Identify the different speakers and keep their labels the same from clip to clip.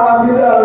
Speaker 1: Amém.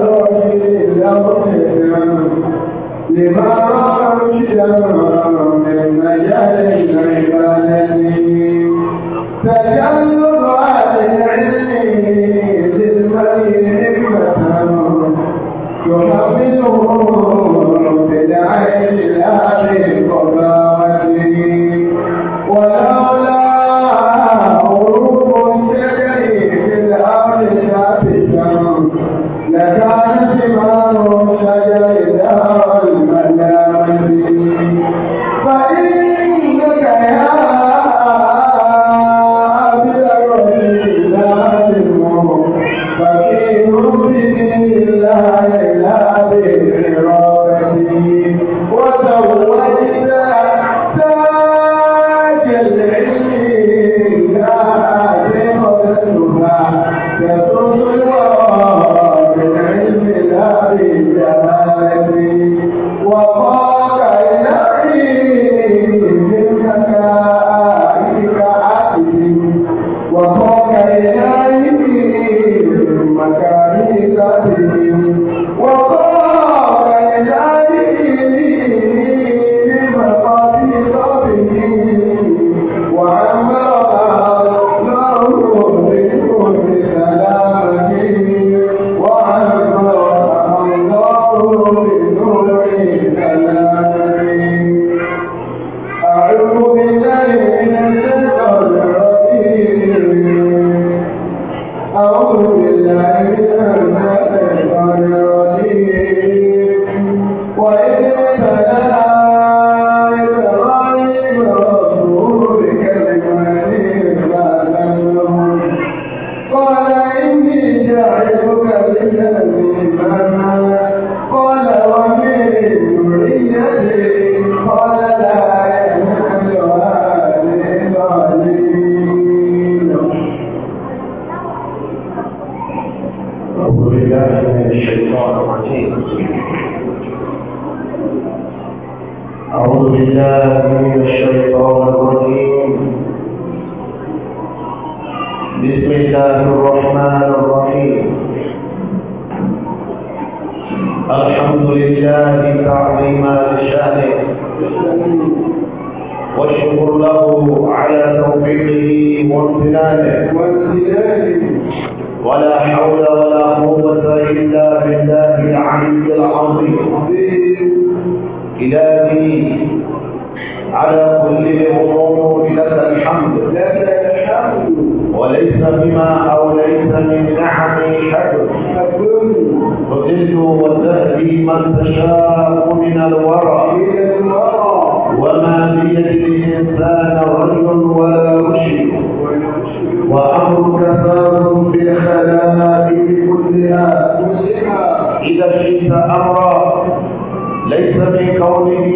Speaker 1: على كل الأمور لك الحمد لك الحمد وليس بما أو ليس من نعم حدث تذل وتهدي من تشاء من الورى وما بيد الإنسان رجل ولا رشد وأمرك ثابت في الخلائق كلها إذا شئت أمرا ليس من كونه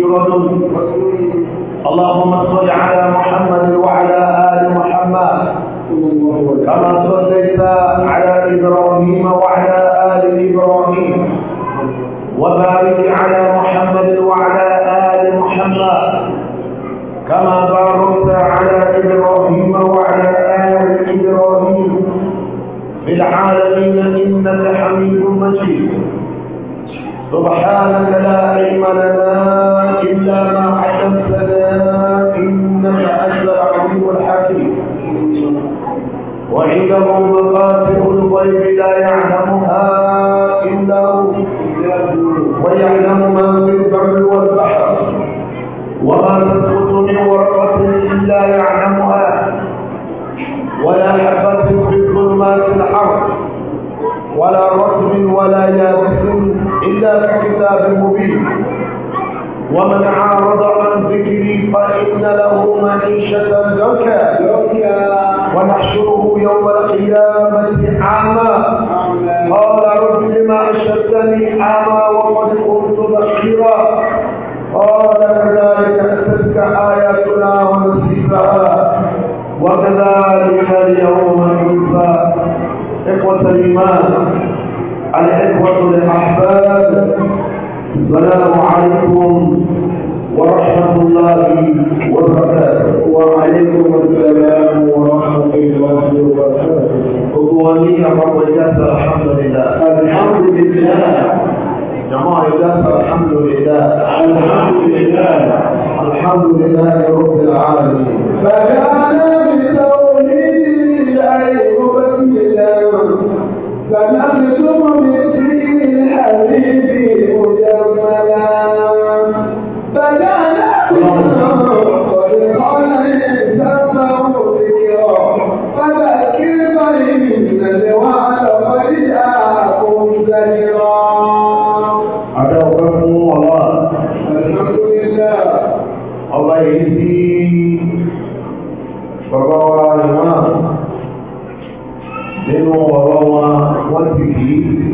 Speaker 1: believe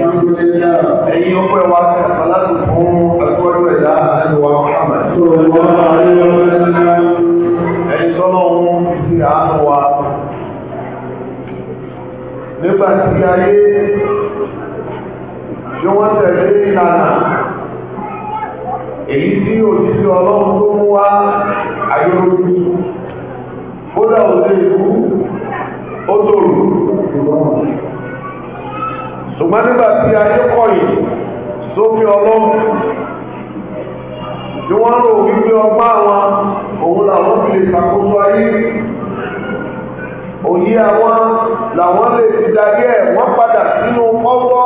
Speaker 1: ẹ̀yin ó pẹ́ wa kẹfà láti fún aṣọ́jú ẹ̀dá àdúrà Muhammad. ẹ̀yin tọ́lọ́ ohun ti àánú wa. nígbà tí ayé
Speaker 2: tí wọ́n tẹ̀lé ìlànà
Speaker 1: èyí tí òjijì ọlọ́run tó mú wá ayé lójú. kódà òde ìlú ṣùgbọ́n nígbà tí ayé kọ̀yìn sófin ọlọ́run tí wọ́n rò wípé ọgbà àwọn òun làwọn fi lè ṣàkóso ayé òye àwọn làwọn lè fi darí ẹ̀ wọ́n padà sínú ọwọ́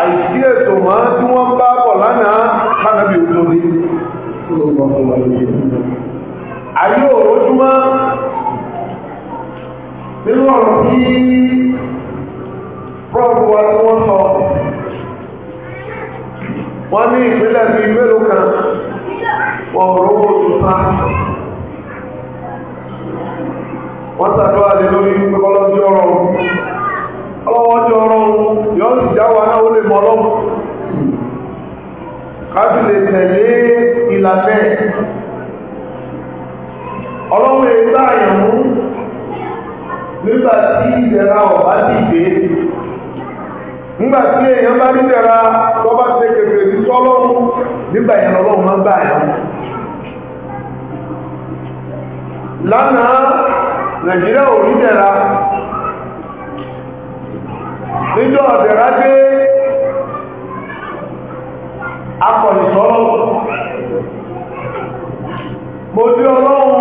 Speaker 1: àìsí ètò mọ́ tí wọ́n bá bọ̀ lánàá kánàbí ayé prọfù wa tí wọ́n sọ wọ́n ní ìpínlẹ̀ bíi mélòó kan wọ́n rówó tuta wọ́n sàdọ́ àlè lórí pẹ́kọ́lọ́jọ́ ọ̀rọ̀ ọlọ́wọ́jọ́ ọ̀rọ̀ yọ́ sì jáwà náà ó lè mọ́ lè tẹ̀lé ìlànà ọlọ́wọ́ èyí mú nígbà tí nígbà tí èèyàn bá ní tẹ̀ra tó bá ti kèfè sí sọ́lọ́run nígbà yẹn lọ́lọ́run máa ń gbà lánàá nàìjíríà ò ní tẹ̀ra
Speaker 2: níjọ́ ọ̀tẹ̀ra dé
Speaker 1: akọ̀lì sọ́lọ́run mo dé ọlọ́run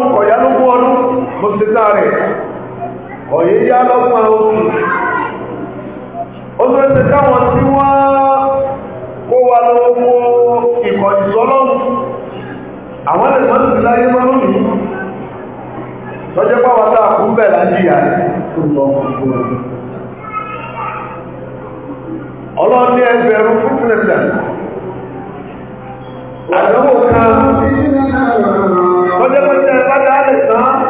Speaker 1: ó tó ṣe káwọn tí wọ́n kó wa lọ mú ìkọ̀dì sọ́lọ́mù àwọn lè mọ́ sí láyé mọ́ lónìí lọ́jẹ́ pàwọ́ tá a kú bẹ̀ lájíyà ọlọ́ni ẹgbẹ̀rún fún pẹ̀lẹ̀ àdánwò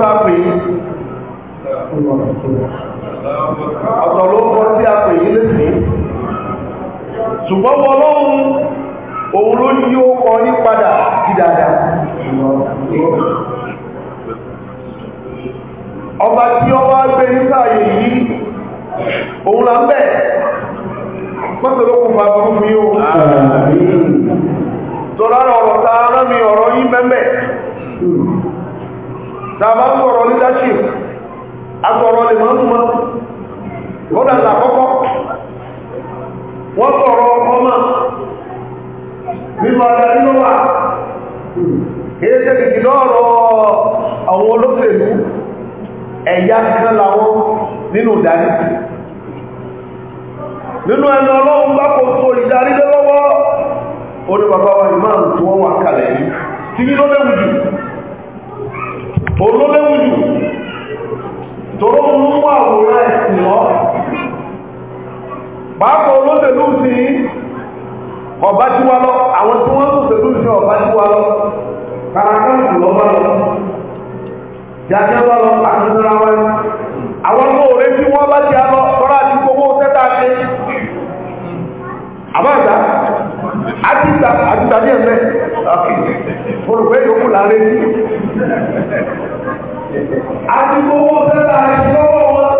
Speaker 1: tá a pè yí ọ̀tọ̀ ló kọ́ tí a pè yí lẹ́sìn ṣùgbọ́n wọn lọ́hùn òun ló yí ó kọ ní padà sí dáadáa ọba tí ọba gbé nípa ààyè yìí òun là ń bẹ̀ mọ́tò ló kún mi ó tọ́lá ọ̀rọ̀ rán mi ọ̀rọ̀ yí mẹ́mẹ́ tàbá ń akọrọ leadership ma lè máa ń mọ́ lọ́dà làkọ́kọ́ wọ́n sọ̀rọ̀ ọmọ nínú a, ló wà kìí ṣe kìkì lọ́rọ̀ àwọn olóṣèlú ẹ̀yà kan làwọn nínú ìdarí nínú ẹni ọlọ́run bá kò tó ìdarí lọ́wọ́ olólẹ́wù jù tóró ń mú àwòrán ẹ̀sìn lọ pàápàá olóṣèlú sí ọba tí wá lọ àwọn tí wọ́n lóṣèlú sí ọba tí wá lọ kàràkàtù lọ bá lọ jàjẹ́ bá lọ àtúntara wá àwọn ọmọ òwe tí wọ́n bá ti lọ àtìgbà àtìgbà ní ẹ̀mẹ́ olùgbé yòókù láàrin ní àtìgbò owó sẹ́lá ìṣọ́wọ́ wọn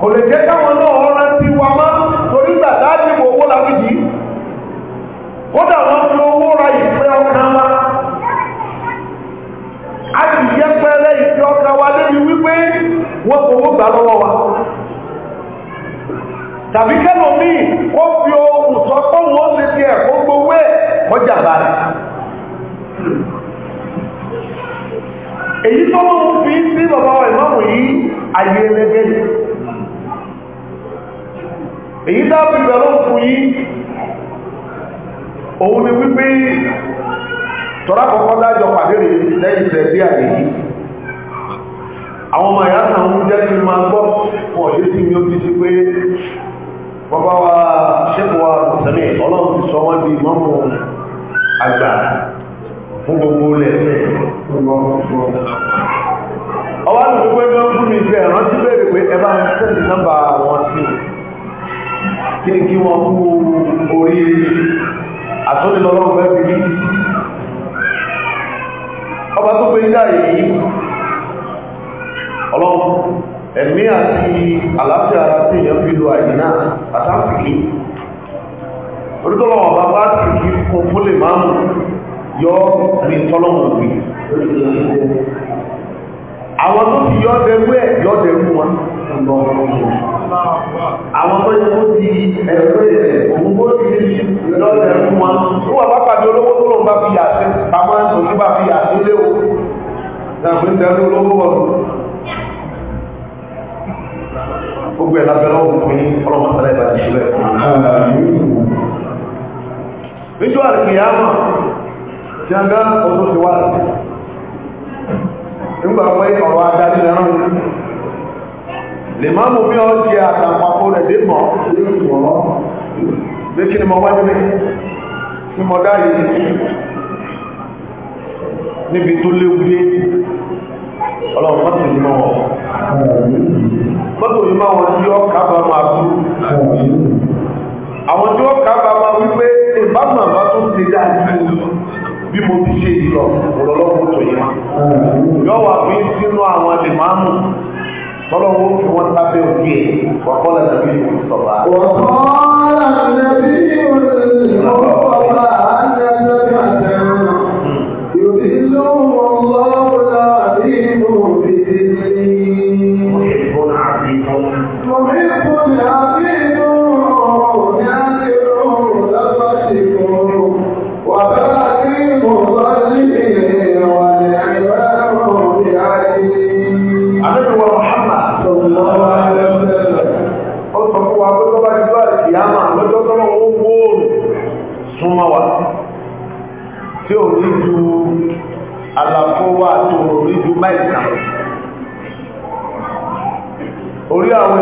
Speaker 1: kò lè jẹ́ káwọn náà ọ̀rọ̀ ti wà torí owó kódà fi owó ra ìpẹ́ ọkàn wa a yẹ ọkàn wa wa tàbí kẹ́lò míì ó fi ohun sọ pé òun ó ṣe ti ẹ̀ kó gbowó ẹ̀ kọjá bá rẹ̀ èyí tó mọ́ fi sí bàbá wa ìmáàmù yìí ayé ẹlẹ́gẹ́ ni èyí dábì bẹ̀rọ fún yí òun ni wípé tọ́rọ àkọ́kọ́ dájọ pàdé rẹ̀ lẹ́yìn tẹ̀lé àyèyí àwọn ọmọ ìyá sàn ń jẹ́ kí n máa gbọ́ fún ọ̀dé tí mi ó ti sí pé bàbá wa ṣẹ́kù wa sẹ́mi ọlọ́run ti sọ wọ́n di mọ́mù àgbà fún gbogbo lẹ́sẹ̀ ọwọ́ àti gbogbo ẹgbẹ́ ń fún mi fẹ́ rántí bèrè pé ẹ bá ń sẹ́ndì nọ́mbà wọn sí kí ni kí wọ́n kú orí àtúnilọ́lọ́run fẹ́ fi ní ọba tó gbé dá yìí ọlọ́run ẹ̀mí àti àlàáfíà ara tí ìyẹn lo àyìnà àtàkùnkì orítọ́lọ́ ọ̀bá àwọn tó ti yọ dẹ̀rú ẹ̀ yọ dẹ̀rú wọn àwọn tó yẹ kó ti ẹ̀rọ ẹ̀ òun kó ti yọ dẹ̀rú wọn ó wà pàdé olówó tó lòun bá fi yà sí pamọ́ ẹ̀sùn tó bá fi yà sí léwu gbogbo ẹ̀ lábẹ́rẹ́ òun fún yín ọlọ́mọ sálẹ̀ ìbá ti ṣúlẹ̀ níjọ́ àrìkìyàmọ̀ tí a gá ọdún ti wá nígbà pé ọ̀rọ̀ adarí lẹ́rán lè máa mú bí ọ jẹ àtàpapọ̀ rẹ̀ dé mọ́ níbi tó léwu ọlọ́run mọ́tò ní mọ́ wọn mọ́tò ní mọ́ wọn tí ó kábà máa kú àwọn tí ó kábà máa wípé ìbámu àbá tó ti dá sí bí mo ti ṣe ìlọ ọlọ́run tó yẹ yọ wà fún sínú àwọn àlèmánù tọ́lọ́wọ́ fi wọ́n lábẹ́ òkè wàkọ́lá nàbí ìwòsàn wa. wàkọ́lá nàbí ìwòsàn wa.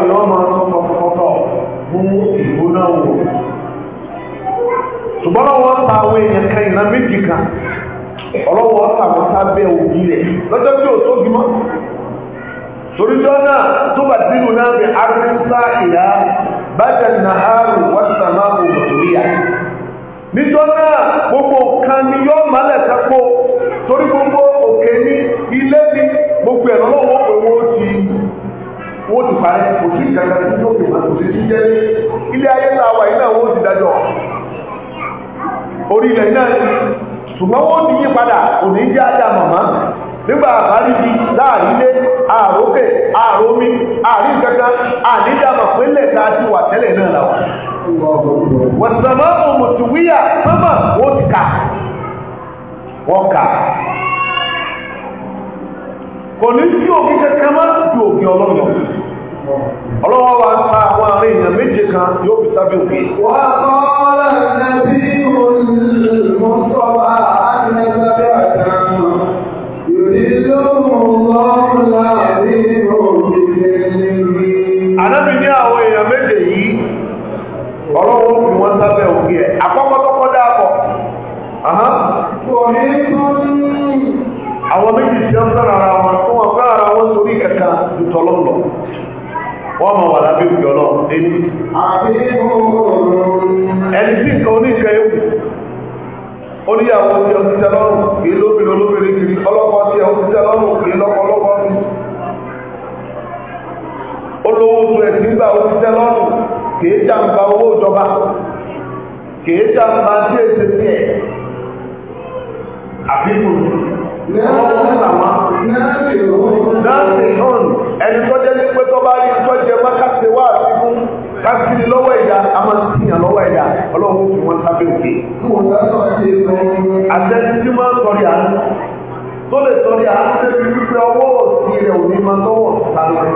Speaker 1: èèyàn máa ń sọ fọ́tọ̀ fún ìgbóná wò ṣùgbọ́n wọ́n ta àwọn èèyàn kan ìran méjì kan ọlọ́wọ́ ọ̀tà wọn sábẹ́ òbí rẹ̀ lọ́jọ́ tí ò tó gbímọ́ torijọ́ náà tó bá dínú náà bí arúgbó ìlà bàjẹ́ nàárù wọ́n sàmà òmùtòríyà níjọ́ náà gbogbo kan ni yọ́ mọ́lẹ̀ sẹ́pọ̀ torí gbogbo òkè ní ilé ní gbogbo ẹ̀rọ lọ́wọ́ wọ́n ti parẹ́ kò sí ìkàkà tí yóò fi kò sí jíjẹ́ ilé ayé láwà iná wọ́n ti dájọ́ orí ilẹ̀ náà ṣùgbọ́n wọ́n ti yí padà kò ní jẹ́ ajá màmá nígbà àbáríbi láàrin ilé àrókè àrómi àrin kankan àníjàmà pínlẹ̀ tá a ti wà tẹ́lẹ̀ náà làwà wọ̀sánmọ́ òmùtùwíyà sánmà wọ́n ti kà wọ́n kà kò ní sí òkè kankan má ju òkè ọlọ́run ọlọ́wọ́ wa ń pa àwọn àárín èèyàn méje kan yóò fi sábẹ́ òkè. wà á kọ́ lẹ́sẹ̀ bí mo ń sọ bá a. jàmbá tí è ṣe sí ẹ̀ àbíkù nọ́ọ̀sì hàn ẹni tó jẹ́ ní pé bá rí tó jẹ mọ́ káṣe wá àti fún káṣí lọ́wọ́ ẹ̀yà a máa ti yàn lọ́wọ́ ẹ̀yà ọlọ́run fi wọ́n sábẹ́ òkè. àtẹ́sí máa ń sọrí àánú tó lè sọrí àánú débi wípé ọwọ́ òsì rẹ̀ ò ní máa tọ́wọ́ sálẹ̀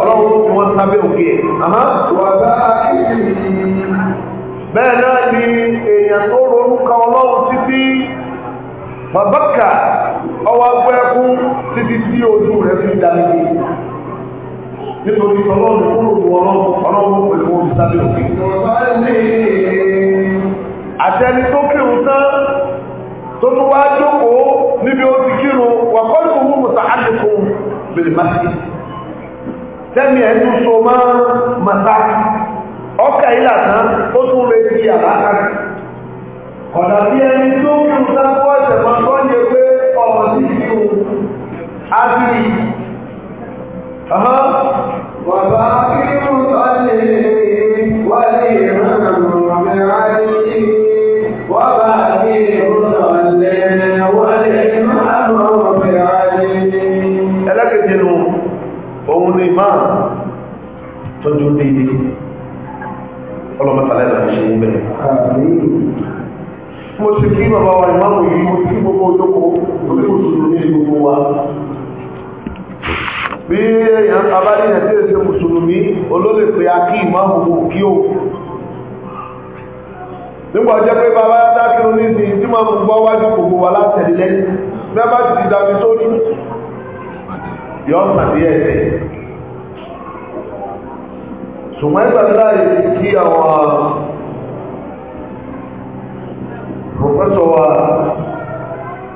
Speaker 1: ọlọ́run fi wọ́n sábẹ́ òkè. àmọ́ wàá bá ìdí bẹ́ẹ̀ náà ni èèyàn tó ronú kan ọlọ́run títí bàbákà ọwọ́ agbẹ́kún títí tí ojú rẹ̀ fi dàbí nítorí ọlọ́run kúrò ní ọlọ́run pẹ̀lú orí sábẹ́ òfin àtẹni tó kírun tán tó tó wá jókòó níbi ó ti kírun wà kọ́ ní òun mùsà àdìkún bèrè máa tẹ́mi ẹ̀ tó so máa máa ọkà ilà tán ó tún retí àlákàtà ọ̀nà bí ẹni tó ń kú sáfọ́ ẹ̀sẹ̀ máa kọ́ ní pé ọ̀rọ̀ sí ti o ábìlì wàbá kírun ọ̀lẹ́ wálé òun ni máa tọ́jú déédéé sàlẹ̀ ìlànà ṣe wú bẹ́ẹ̀. mo ti kí bàbá wa ìmáàmù yìí mo ti gbogbo ojoko onímùsùlùmí gbogbo wa bí èèyàn abáyé tí èsè mùsùlùmí olólè pé a kí ìmáàmù kò kí o nígbà jẹ́ pé bàbá dákírù ní ti tí máa mú gbọ́ wájú gbogbo wa látẹ̀lẹ́ bẹ́ẹ̀ bá ti di dàbí sórí yọ ọ̀sán díẹ̀ ṣùgbọ́n ìgbà láì kí àwọn pòfẹ́sọ̀ wa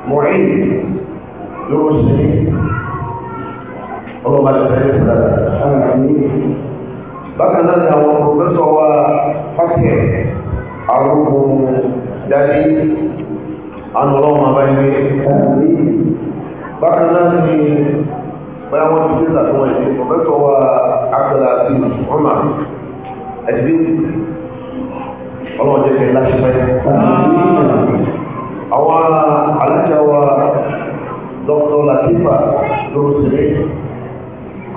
Speaker 1: mọ̀rí lóró sí ní ọlọ́bà ìfẹ́lẹ̀ ìfẹ́lẹ̀ bákan náà ni àwọn pòfẹ́sọ̀ wa fásitì àrùkù dájí anọ́lọ́mà báyìí bákan náà ni bóyá wọ́n ti dé ìlànà wọn ìdí pọ̀fẹ́sọ̀ wa akọ̀lá àti ọmọ ẹ̀dí ọlọ́run jẹ́ kẹ́ láti pẹ́ àwọn alájà dr latifa lórí sílẹ̀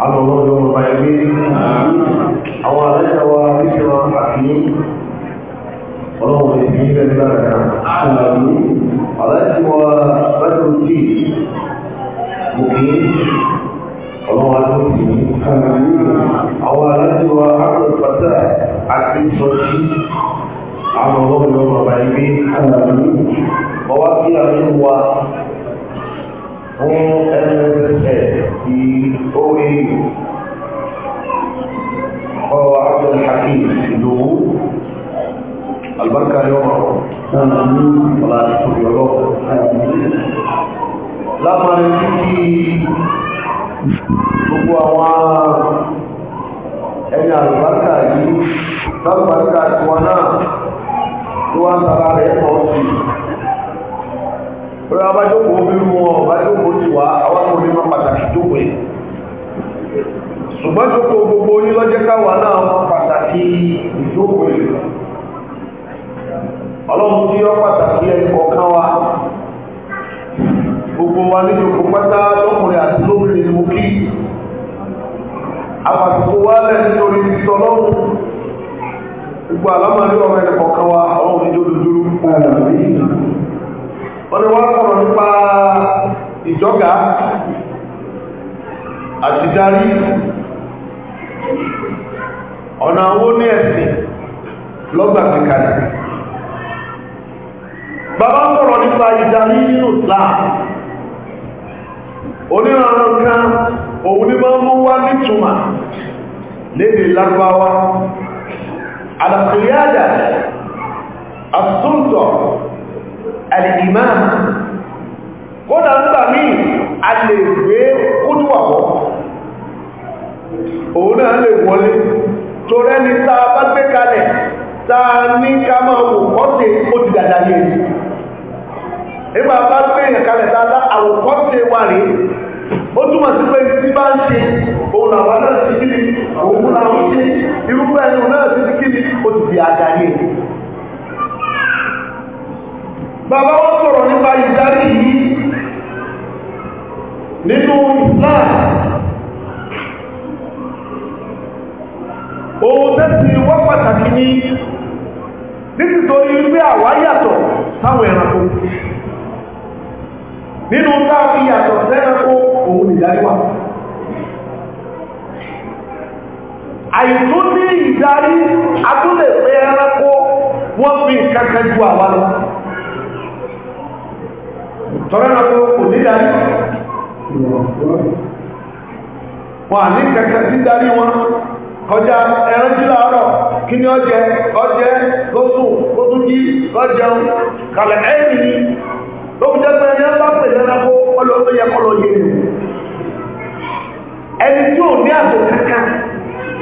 Speaker 1: àwọn ọlọ́jọ́ ọmọ ẹgbẹ́ àwọn alájà wa wíṣẹ́ wa àti ọlọ́run ìdí ilẹ̀ nígbà kan alájà wa
Speaker 2: ọlọ́run adúlọ́sì ní àwọn aláṣẹ wa àrùn pátá àti sọ́ọ̀tì àwọn ọlọ́run lọ́wọ́ bàbá yìí pé ọwá kí àwọn wa fún NSSF ti OAU ọ̀rọ̀ Abdul
Speaker 1: gbogbo àwọn ẹni àlùbáríkà yìí lálùbáríkà tiwa náà tó wá ń tara rẹ̀ pọ̀ sí i. Rẹ̀ abájókòó bí wọn abájókòó ti wá àwọn tó ní pàtàkì Ṣùgbọ́n jókòó gbogbo yín lọ́jẹ́ náà pàtàkì Ọlọ́run tí pàtàkì ẹ̀kọ́ gbogbo wa ní ìjọkùn pátá lọ́kùnrin àti lóbìnrin ni mo kí àpàtàkó wá lẹ̀ nítorí tọ́lọ́run gbogbo àlámàlú ọ̀rọ̀ ẹ̀kọ́ kan wa àwọn oníjó dúdúrú wọ́n ni wọ́n sọ̀rọ̀ nípa ìjọ́gà àti darí ọ̀nà àwọn ìdarí nínú láà oníranran kan òun ní máa mú wá nítumà lédè lágbáwá alàkìlíàdà àtúntọ̀ alìmá kódà nígbà míì a lè gbé kúdùwàwọ́ òun náà lè wọlé torẹ́ ni tá a bá gbé kalẹ̀ tá a ní ká máa wò kọ́tẹ̀ ó ti dàdà yẹn nígbà bá gbé ìyàn kalẹ̀ tá a àwòkọ́tẹ̀ wà rí ó túmọ̀ sí pé tí bá ń ṣe òun àwọn náà ti kí ni òun làwọn ṣe irúfẹ́ ẹnu náà ti ti kí ni ó ti di àdáyé bàbá wọn sọ̀rọ̀ nípa ìdarí yìí nínú Islam òun tẹ́sí wọ́n pàtàkì ní nítorí wípé àwa yàtọ̀ sáwọn ẹranko nínú táàfi yàtọ̀ sẹ́ranko òun nìdarí wà àìtún ní ìdarí atúlẹ̀ pé ẹranko wọ́n fi kankan ju àwa lọ
Speaker 2: tọ́rẹ́nà tó kò nídarí wọ́n ní kankan sí
Speaker 1: darí wọn kọjá ẹran jí láàárọ̀ kí ni ọjẹ́ ọjẹ́ lóṣù lóṣù jí lọ́jẹun kàlẹ̀ ẹ̀yìn lókùjẹ́ pé ẹni bá pè lẹ́nàkó ọlọ́tọ́ yẹ kọ́lọ́ yé mi ẹni tí ò ní àbò kankan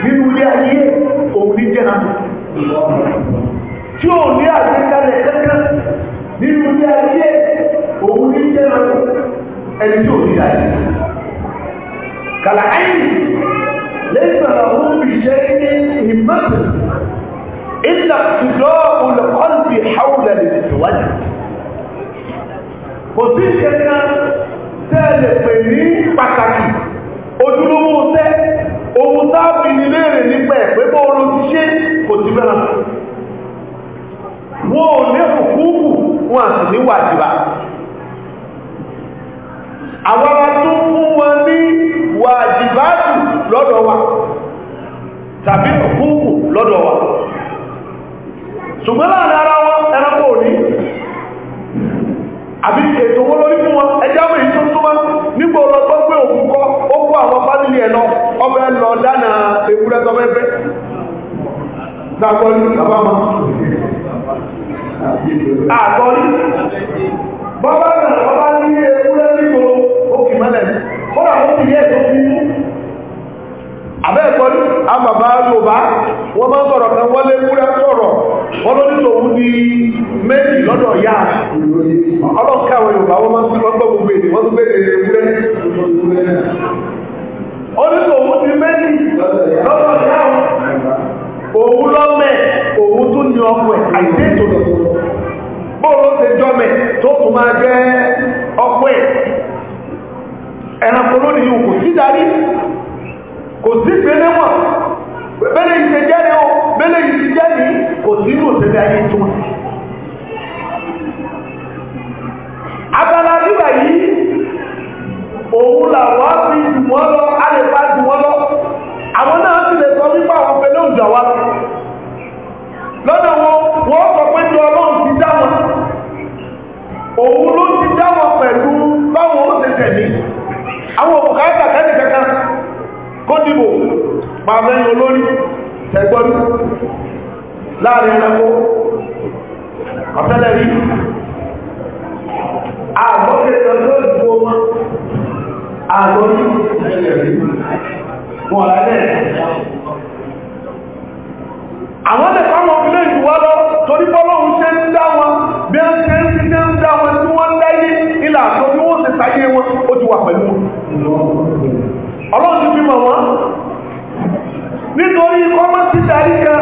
Speaker 1: nínú ilé ayé òun ní jẹ́ náà tí ò ní àgbékalẹ̀ kankan nínú ilé ayé òun ní jẹ́ náà ẹni tí ò ní ayé kàlàáyì ليس له بشيء همته إلا اقتداء القلب حول الازدواج kò sí ìṣẹ́ká tẹ́lẹ̀ pè ní pàtàkì ojúlówó tẹ́ ohun táàbì nílé rẹ̀ nípa ẹ̀pẹ́ bọ́ ọ̀rọ̀ ti ṣe kò sí mẹ́ra ò ní kùkúkù wọn àti ní wàjìbá àwọn tó fún ní lọ́dọ̀ wa tàbí kùkúkù wa ṣùgbọ́n láàrin àbí ètò owó lórí fún wọn ẹjọ́ àwọn èyí tó súnmọ́ nígbà ó pé òun kọ́ ó kó àwọn fámìlì ẹ̀ lọ ọbẹ̀ lọ dáná ewúrẹ́ fẹ́fẹ́
Speaker 2: dàgbọ́n ní bàbá ma
Speaker 1: àgbọ́n bàbá bàbá ní ewúrẹ́ ó rà ó yẹ́ ètò mú ní àbàbá wọ́n máa ń sọ̀rọ̀ kan ewúrẹ́ sọ̀rọ̀ olónílò òun di méjì lọ́dọ̀ ya ọlọ́kàwé yorùbá wọ́n máa ń gbọ́ gbogbo èdè wọ́n tún di méjì lọ́dọ̀ ya òun lọ́mẹ̀ òun tún ní ọkọ̀ ẹ̀ àìsí ètò bóòló ṣe tó tún máa jẹ́ ọkọ̀ ẹ̀ nínú òṣèlú ayé tó wọn. abala bíbà yìí òun làwọn fi jù wọ́n lọ si àwọn náà lè sọ nípa àwọn pẹ̀lú òjò wa lọ́dọ̀ wọn wọ́n sọ pé ọlọ́run ti dá wọn òun ló ti dá wọn pẹ̀lú báwọn ó tẹ̀lé àwọn kankan kó láàrin ẹranko ọ̀tẹ́lẹ̀ rí tó àgbọ́rí àwọn lọ torí bọ́lọ́hun ṣe ń dá wọn bí ó ṣe ń ṣe ń dá wọn tí wọ́n àtọ́ bí wọ́n ṣe sáyé wọn ó ti wà pẹ̀lú ọlọ́run ti fi mọ̀ wọ́n nítorí kọ́mọ́ ti darí kan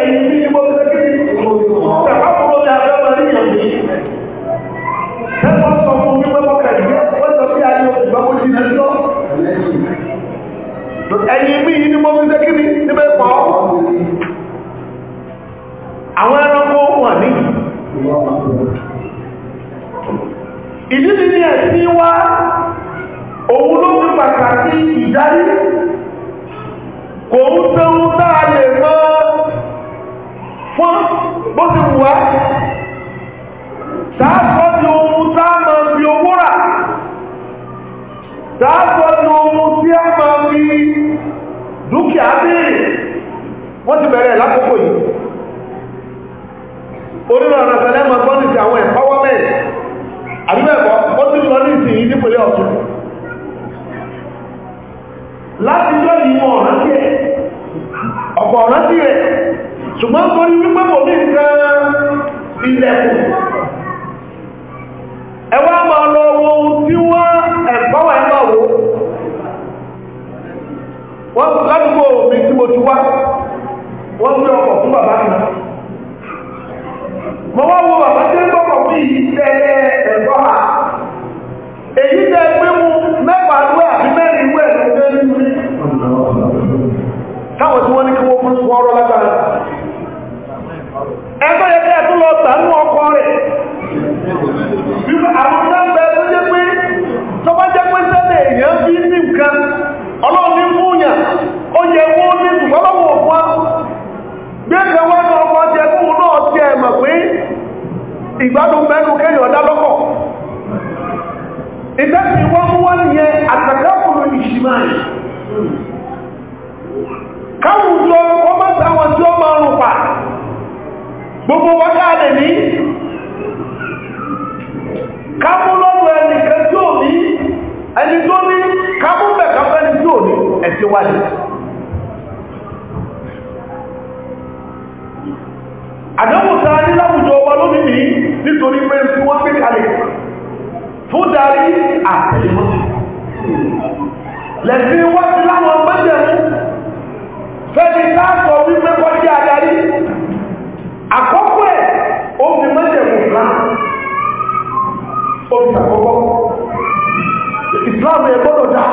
Speaker 1: ẹ̀yìn tí ni mo fẹ́ kí ni ṣàkà fúnra mi àbẹ́ wọn níyàn mi. Ẹ̀fọ́ sọ fún mi pé wọ́n kàdí wọ́n sọ fí ayé òṣùgbọ́n mo jìnà sí ọ́. Ẹ̀yìn mi ni mo fi ṣe kí ni níbẹ̀ pọ̀. Àwọn ẹranko wà ní. Ìdí ni ní ẹ̀sìn wá òun ló fi pàtàkì ìdarí kò ń tẹ́wọ́n tá a lè mọ́ fún bó ti wù ẹ́ sáàtọ́ di ohun tá a máa fi owó rà sáàtọ́ di ohun tí a máa fi dúkìá wọ́n ti bẹ̀rẹ̀ lákòókò yìí orílẹ̀ ọ̀nà máa gbọ́ nìsí àwọn empowerment àdúgbẹ̀kọ́ ó ti lọ ní ìsìn yìí nípìnlẹ̀ ọ̀tún láti jọ́ ọ̀rántí ẹ̀ ọ̀pọ̀ ọ̀rántí ṣùgbọ́n torí wípé kò ní nǹkan ilẹ̀kùn ẹwà máa lọ wo tí wọ́n ẹ̀gbọ́wà ẹgbà wo wọ́n ládùúgbò mi tí mo ti wá wọ́n gbé ọkọ̀ fún bàbá mi wo bàbá tí ń gbọ́kọ̀ fún ìyí tẹ́lẹ̀ èyí tẹ́ mú lú àbí mẹ́rin lọ tànú ọkọ rẹ̀ àwọn dáńbẹ́ tó jẹ́ pé tó bá jẹ́ pé sẹ́lẹ̀ èèyàn bí ní nǹkan
Speaker 3: ọlọ́ọ̀ní fúnyà
Speaker 1: ó yẹ wó ní ìfọ́lọ́wọ̀ fún gbẹ́gbẹ́ wọ́n náà ọkọ jẹ fún náà ti ẹ̀mọ̀ pé ìgbádùn mẹ́nu lọ́kọ̀ wọ́n mú wọ́n káwùjọ ọmọ gbogbo wọ́ká lè ní kámúlọ́wọ́ ẹnìkan tí ò ní ẹni tó ní kámúlẹ̀ kámúlẹ̀ tí ò ní ẹ̀sìn wáyé àdánwòta ní láwùjọ ọba lónìí nítorí pé tí wọ́n pé kalẹ̀ tó darí àtẹ̀lẹ́mọ́ lẹ́sìn wọ́n ti láwọn mẹ́jẹ̀ fẹ́ni láàkọ̀ wípé kọjá adarí àkọ́kọ́ ẹ̀ ó fi mọ́jẹ̀mù islam ó fi àkọ́kọ́ islam yẹ gbọ́dọ̀ dá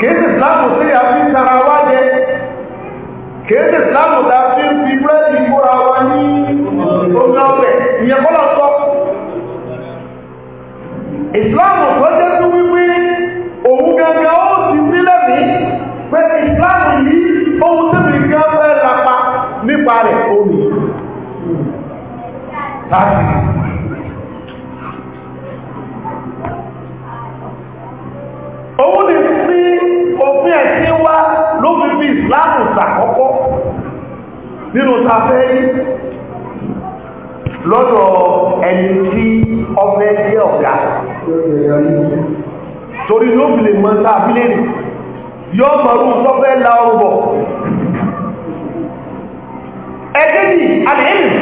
Speaker 2: kèéṣe islam sí àfi tara wá jẹ kèéṣe islam dá fi ń
Speaker 1: fi búrẹ́dì múra wa ní omi ọbẹ̀ ìyẹn kọ́lọ̀ sọ islam tó jẹ́ rẹ̀ omi láti
Speaker 2: òun lè sí òfin ẹ̀sìn wá ló fi fi ìsìláàmù sàkọ́kọ́
Speaker 1: nínú tafẹ́ lọ́dọ̀ ẹni tí ọfẹ́ jẹ́ ọ̀gá torí ló fi lè mọ́ sáà fílẹ̀ yọ́ mọ̀rún tọ́fẹ́ la ọrùn ẹ̀kẹ́jì àdìyìn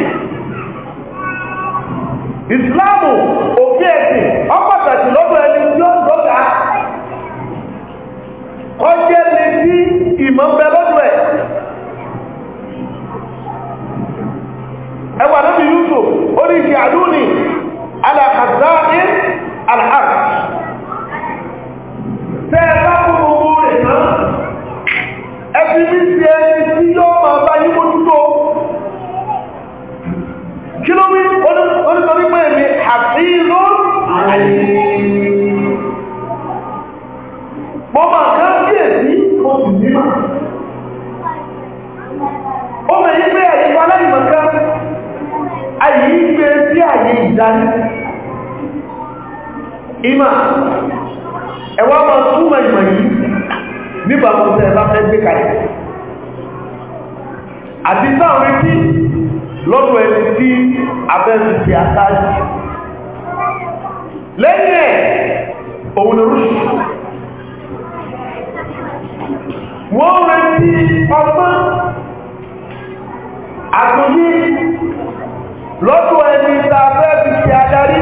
Speaker 1: ìsìláàmù òfin ẹ̀sìn ọpàtàkì lọ́dọ̀ ẹni tí ó lọ́gá kọjẹ́ lè sí ìmọ̀ ń bẹ lọ́dọ̀ ẹ̀ ẹwà lóbi yúso oríṣi àdúnì aláhàzáì aláhàzá tẹ́ẹ̀lá gbogbo rẹ̀ náà ẹbí dání ìmà ẹwà máa túnmà ìmọ̀ yìí nígbà mọ̀sẹ̀ bá fẹ́ gbé kalẹ̀ àti sáà retí lọ́dọ̀ ẹni tí abẹ́rù ti àtàjì lẹ́yìn ẹ̀ òun lè rúṣù wọ́n retí ọgbọ́n àtúnyí lọ́dọ̀ ẹni tí abẹ́rù darí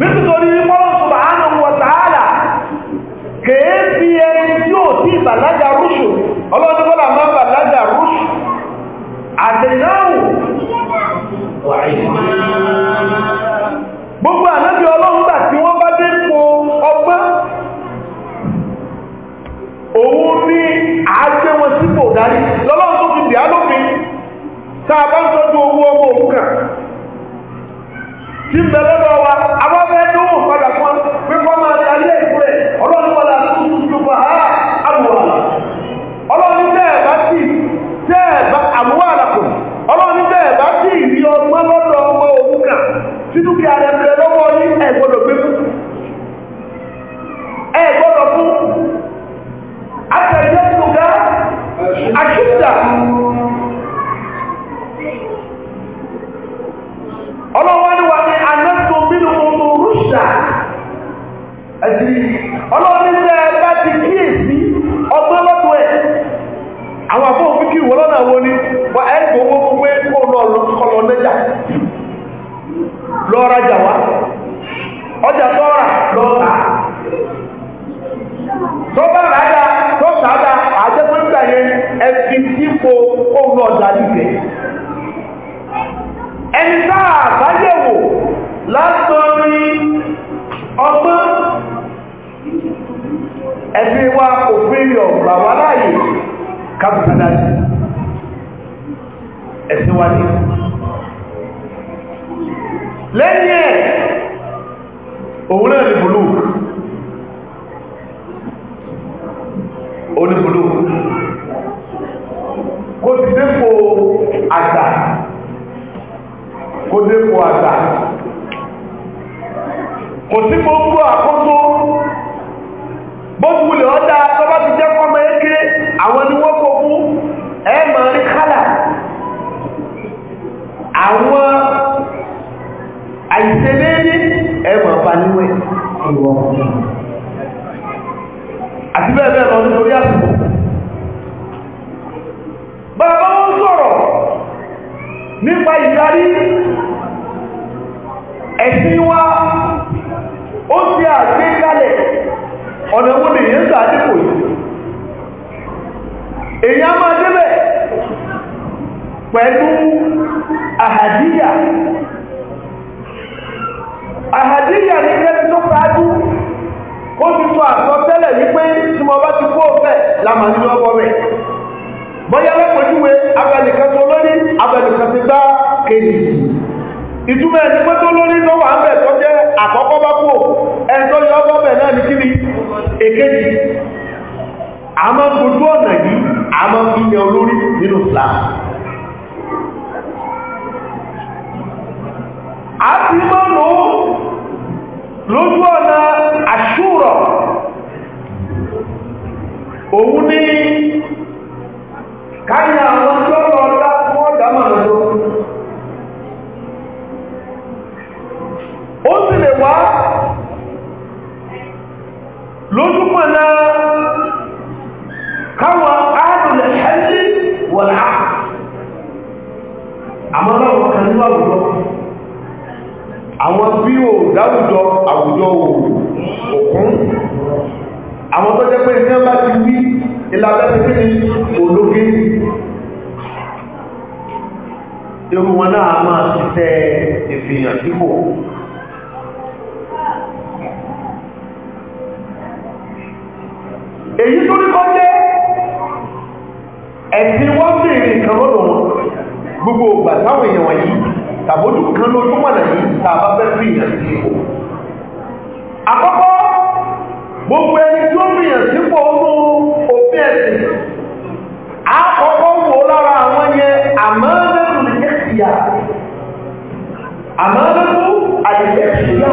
Speaker 1: nítorí Ọlọ́hun subhanahu wa ta'ala kèé fi ẹni tí ò tí ìbàlájà rúṣù ọlọ́dúnkọ́lá máa bàlájà rúṣù àdìnáwò wà ìfẹ́ kádà sí ẹ̀sìn wa ní lẹ́yìn ẹ̀ òun náà ní bùlù ó ní bùlù kó ti dépò àgbà kó dépò àgbà kò sí gbogbo àkóso gbogbo lè ọ́ àwọn àìṣedéédé ẹ̀mọ̀ balúwẹ̀ ìwọ̀ àti bẹ́ẹ̀ bẹ́ẹ̀ lọ nítorí àsìkò bàbá ó sọ̀rọ̀ nípa ìdarí ẹ̀sìn wa
Speaker 2: ó ti àgbékalẹ̀
Speaker 1: ọ̀nà wo lèyẹ́ ń sàádìpò yìí èyí á máa débẹ̀ pẹ̀lú àhàdíyà àhàdíyà ní ẹgbẹ́ tó káájú ó ti sọ wípé tí mo bá ti kó ọ̀fẹ́ lámà ní ọgbọ́ rẹ̀ bọ́yá lẹ́pẹ̀júwe abẹnìkan tó lórí abẹnìkan ti gbá kejì ìtumẹ̀ ẹni pé tó lórí lọ́wọ́ àbẹ̀ tó jẹ́ àkọ́kọ́ bá kú yọ ọgbọ́ bẹ̀ náà ní kíni èkejì àmọ́ gbogbo ọ̀nà yìí àmọ́ olórí nínú a ti máa lò ó lójú ọ̀nà àṣúrọ̀ òun ní
Speaker 2: káyà àwọn tí ó lọ
Speaker 1: ọ̀dá fún ọ̀dá màá lò ó sì lè wá lójú ọ̀nà káwọn áàdùn lè wọ̀lá àmọ́ kan ní wà wùdọ́ àwọn bí ò dáwùjọ àwùjọ òkun àwọn tó jẹ́ pé ní ọba ti wí ìlàbẹ́sẹ̀ kí ni ológe irú wọn náà máa ṣiṣẹ́ ìfihàn sípò èyí tó ní kọ́ jẹ́ ẹ̀sìn wọ́n bèèrè ìkànlọ́dọ̀ wọn gbogbo ògbà táwọn èèyàn wọ̀nyí tàbójú kan lójú mọ̀nà yìí tàbá fẹ́ fi ìyàn sí ipò àkọ́kọ́ gbogbo ẹni tí ó fi ìyàn sípò ọmọ òfin ẹ̀sìn àkọ́kọ́ wò lára àwọn yẹn àmọ́lẹ́kùn ní ẹ̀sìyà
Speaker 2: àmọ́lẹ́kùn àdìyẹ̀sìyà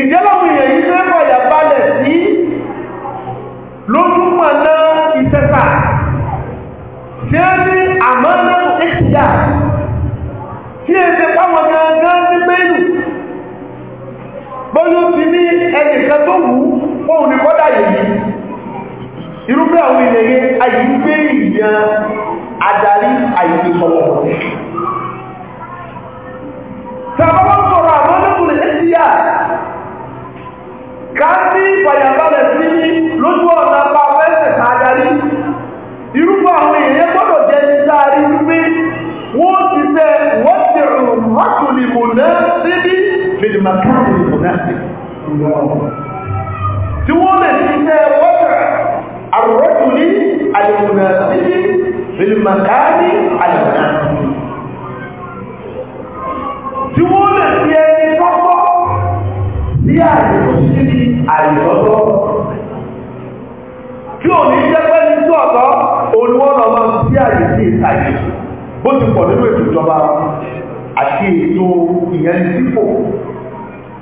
Speaker 1: ìjẹ́lọ́pìn èyí tó ẹ̀kọ́ ìyàbálẹ̀ sí
Speaker 2: lójúmọ̀ náà ìtẹ́ta
Speaker 1: tí ó ní àmọ́lẹ́kùn ẹ̀sìyà bọ́lú ti ní ẹnìkan tó wù fóun ní kọ́dà yìí irúfẹ́ àwọn ìlẹ̀yẹ àyígbé ìyàn adarí àyíké sọ̀rọ̀ tàbí sọ̀rọ̀ àwọn ọdún ẹ̀sìyà ká ní ìfàyàbalẹ̀ sí lójú ọ̀nà bá fẹ́sẹ̀ adarí irúfẹ́ àwọn èèyàn gbọ́dọ̀ jẹ́ sáárí wípé wọ́n ti fẹ́ wọ́n ti rùn mọ́tò lè mọ̀ náà síbí fèdèmàkàrẹ̀ tí wọ́n lè ti tẹ́ wọ́tà àrọ́tùlí àlùmọ̀sí ìlmàkáàní àlùmọ̀sí tí wọ́n lè ti ẹni tọ́pọ̀ sí àyẹ̀kọ́sí àyẹ̀kọ́tọ́
Speaker 2: kí ò ní jẹ́ pẹ́ ní tí
Speaker 1: ọ̀tọ́ olúwọ́nà ọmọ sí àyè sí ìtàyè bó ti pọ̀ nínú ètò ìjọba àti ètò ìyẹn sípò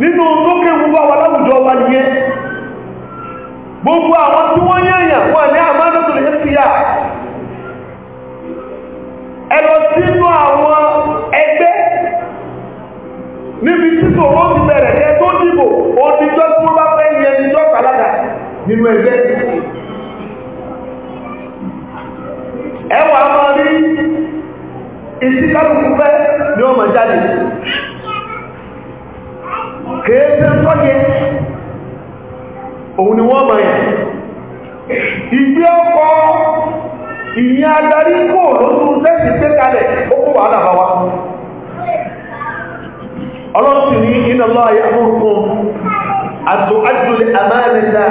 Speaker 1: nínú lókè wúwá wa láwùjọ wa nìyẹn gbogbo àwọn tí wọ́n yẹ̀yàn wà ní àmánàtòlè ẹ́sìyà ẹ̀lọ sínú àwọn ẹgbẹ́ níbi tí tòró ti bẹ̀rẹ̀ ẹ tó dìbò òdìjọ́ tí wọ́n bá fẹ́ yẹ níjọ́ nínú ẹgbẹ́ ẹwà máa rí ìsíkàlùkù fẹ́ ni ọmọ jáde kèése sọ́yẹ òun ni wọ́n mọ̀ yẹn ìgbé ọkọ̀ ìyẹn adarí kò lóṣù tẹ́sì tẹ́ kalẹ̀ ó kó wà lábá wa ọlọ́sìn ní iná lọ́ àyàfóòkùn àtò àjòlè àmáàlẹ́ta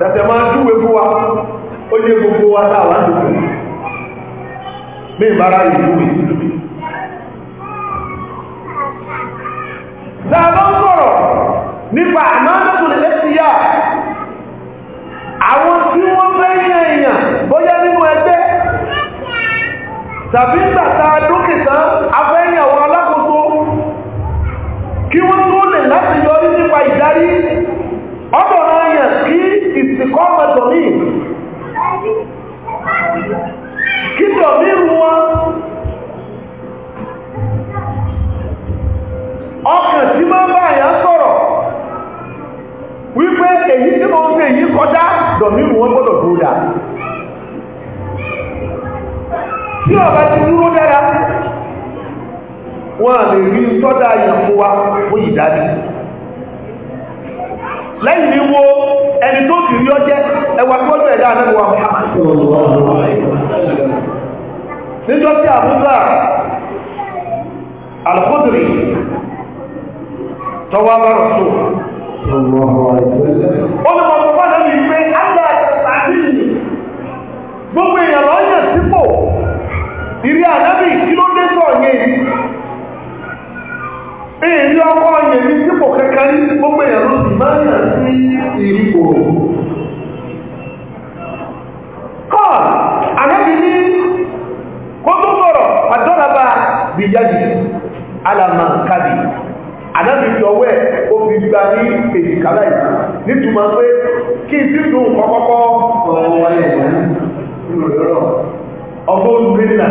Speaker 1: tẹ̀tẹ̀ máa júwe fún wa ó yé gbogbo wa táwà lòkù mí ìbára ìlú ìlú Zàbá ń sọ̀rọ̀
Speaker 2: nípa àmọ́dọ́tún ẹ̀sìyà
Speaker 1: àwọn tí wọ́n fẹ́ yẹn èèyàn bóyá nínú ẹgbẹ́ tàbí gbàta dókítà afẹ́yàwó alákòóso kí wọ́n tó lè láti yọrí nípa ìdarí ọ̀dọ̀ ayàn kí ìsìnkọ́mọ̀ tòmí kí tòmí rú wọn ọkàn tí máa bá àyà sọ̀rọ̀ wípé èyí tí mo ń fi èyí kọjá tòmí rú wọn gbọ́dọ̀ dúró dà
Speaker 2: tí ọ̀bá ti dúró dára
Speaker 1: wọ́n lè rí tọ́dá àyàn fún wa fún ìdádì lẹ́yìn ni wo ẹni tó fi rí ọjẹ́ ẹwà pọ́jù ẹ̀dá anẹ́gbọ̀wà
Speaker 2: níjọ́ tí àbúgbà alfudri tọwọ́ bá rọ̀ tó
Speaker 1: olùmọ̀lọ́pàá lẹ́nu ìgbé alẹ́ àtàdínì gbogbo èèyàn lọ́yẹ̀ sípò ìrí àdábì kí ló dé sọ̀yẹ̀ èyí ọkọ̀ yẹ̀mí tí kò kẹ́kẹ́ ní gbogbo ẹ̀rọ sì máa ń yàn sí ìrìkò kọ́ àrẹ́bì ní kó tó sọ̀rọ̀ àjọ́lába bìyàjì alàmà kàbì àdábì fi ọwọ́ ẹ̀ ó fi gba ní èdìkálà ìlú nítumọ̀ pé kí sí dùn kọ́kọ́kọ́
Speaker 2: ọgbọ́n gbé nílà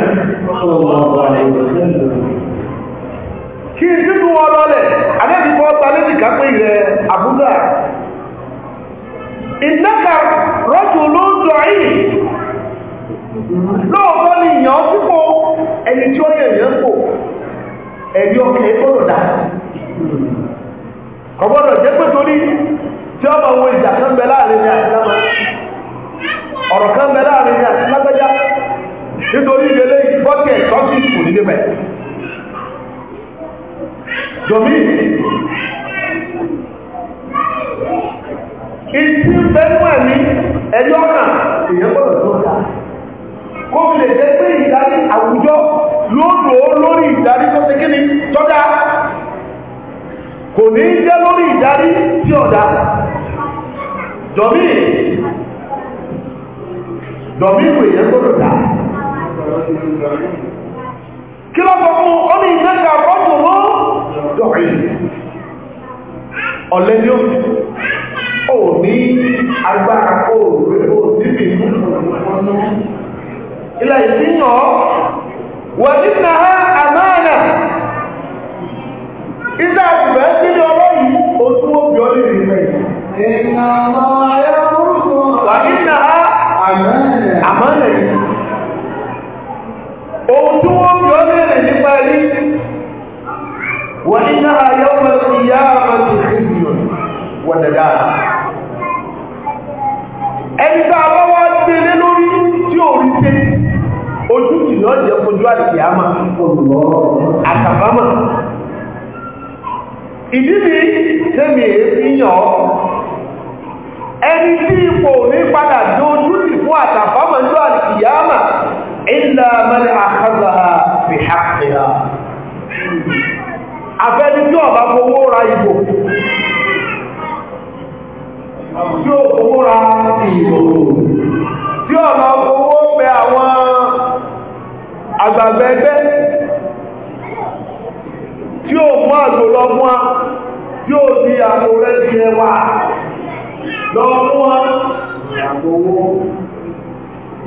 Speaker 1: kí n títún wọn lọlẹ̀ àdébí fọ́ gba létí kápẹ́ ilẹ̀ àbúgbà ìnáka rọ́jù ló ń dọ̀ yìí lóòótọ́ ni ìyàn sípò ẹni tí ó yẹ ìyàn pò ẹ̀rí ọkẹ̀ gbọ́dọ̀ dá kọ̀gbọ́dọ̀ jẹ́ pé torí tí ọmọ wo ìjà kan bẹ láàrin ní àti lábá ọ̀rọ̀ kan bẹ láàrin ní àti nítorí ilé bọ́kẹ̀ tọ́sí kò ní débẹ̀ domi, ìtí bẹ́nu ẹ̀mí ẹ̀yọ́ náà èyàn gbọ́dọ̀ tó dá kó fi lè jẹ́ pé ìdarí àwùjọ lóòdò lórí ìdarí tó tẹ́kí ni tọ́dá kò ní jẹ́ lórí ìdarí tí ọ̀dá
Speaker 2: jọmí jọmí ìwé èyàn gbọ́dọ̀ dá
Speaker 1: kí lọ́pọ̀ fún ọ ní ìgbẹ́ta dọ̀rẹ̀ ọ̀lẹ́ ni ó ò ní agbára kó rẹ̀ ó níbi ìlú ilẹ̀ ìdíyàn wà nínú yóò jẹ́ kojú àdìyàmà àtàbámà ìdí mi tẹ́mi èéfíyàn ẹni tí ipò ní padà dójú sí fún àtàbámà ní àdìyàmà ilẹ̀ mẹ́rin àkàzà fi hàkìyà afẹ́ni tí ọba fowó ra ìbò tí ó ọba fowó bẹ àwọn àgbàgbà ẹgbẹ́ tí ó mú àgbò lọ mú a yóò di àgbò rẹ̀ ti ẹwà lọ mú a àgbòwò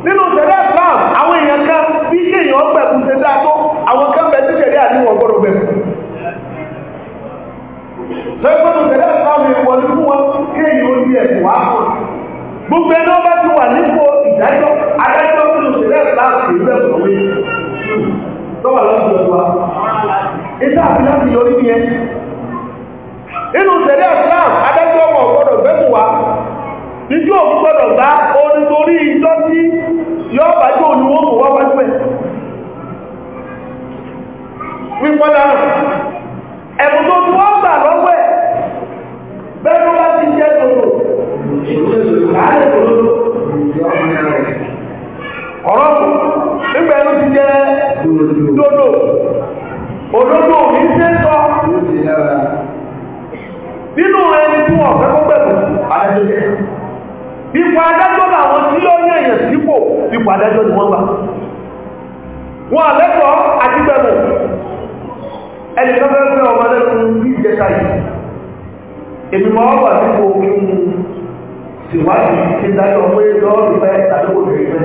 Speaker 1: nínú tẹ̀lẹ̀ islam àwọn èèyàn kan bí èèyàn pẹ̀lú ṣe dáa tó àwọn kan bẹ̀ sí tẹ̀lẹ̀ àníwọ̀n gbọ́dọ̀ bẹ̀rẹ̀ lọ́gbọ́dọ̀ tẹ̀lẹ̀ islam ìwọ̀n fún wọn kéèyàn ó di ẹ̀kọ́ wá gbogbo ẹni ọba ti wà nípò ìdájọ́ adájọ́ nínú tẹ̀lẹ̀ islam ìlú ẹ̀kọ́ tọ́wà lọ́dún ọ̀tọ́ ìta àti láti yọrí ní ẹ nínú tẹ̀lé islam adájọ́ ọmọ ọ̀gbọ́dọ̀ gbẹ́kù wá ìjú òun gbọ́dọ̀ bá orin torí ìjọ tí yọ́ bàjẹ́ olùwó kò wá wájú ẹ̀ wípọ́dá ẹ̀mù tó tí wọ́n gbà lọ́wọ́ ẹ̀ bẹ́ẹ̀ ló bá ti jẹ́ lòlò
Speaker 2: ọ̀rọ̀ nígbà ẹnu ti jẹ́ dodo òdodo mi ṣe ń sọ
Speaker 1: nínú ẹni tí wọ́n fẹ́ kó pẹ̀lú ipò adájọ́ làwọn tí ó ní èyàn sípò ipò adájọ́ ni wọ́n gbà àdígbẹ̀mù ẹni tó fẹ́ fẹ́ ọmọ lẹ́kùn ìjẹta yìí èmi wà kí n ìdájọ́ tàbí fẹ́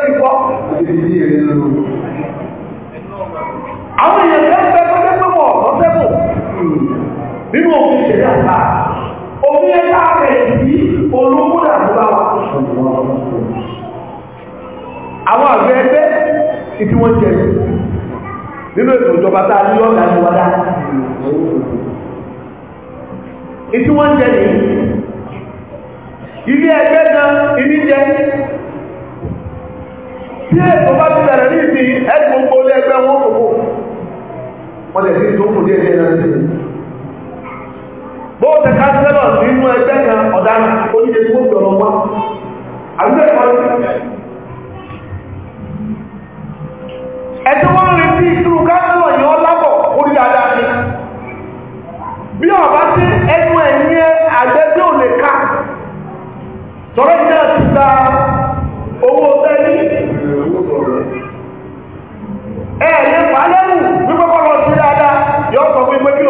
Speaker 1: ìdí wọ́n jẹ nínú ètò ìjọba tá a ní ọ̀gá ni wọ́n dá ìdí wọ́n jẹ nìyí ilé ẹgbẹ́ gan ìdí jẹ tí ètò bá ti bẹ̀rẹ̀ ní ìsìn ẹgbùn gbogbo ilé ẹgbẹ́ wọn kòkó wọ́n lè fi tó kù díẹ̀ díẹ̀ náà sí bó tẹ káńsẹ́lọ̀ nínú ẹgbẹ́ kan ọ̀daràn oníjẹ tí wọ́n fi ọ̀rọ̀ wọn àbúrò ẹ̀kọ́ ẹ̀tí wọ́n ń retí ìṣúrù káàkiri yọ lábọ̀ orí dáadáa ni bí ọ̀bá ẹ̀yìn àgbẹ̀ tí ò lè ká tọ́rọ ìjẹ́ ti gba owó tẹ́lí
Speaker 2: ẹ̀yẹ pàálẹ́rù lọ sí dáadáa yọ sọ pé
Speaker 1: pé kí tí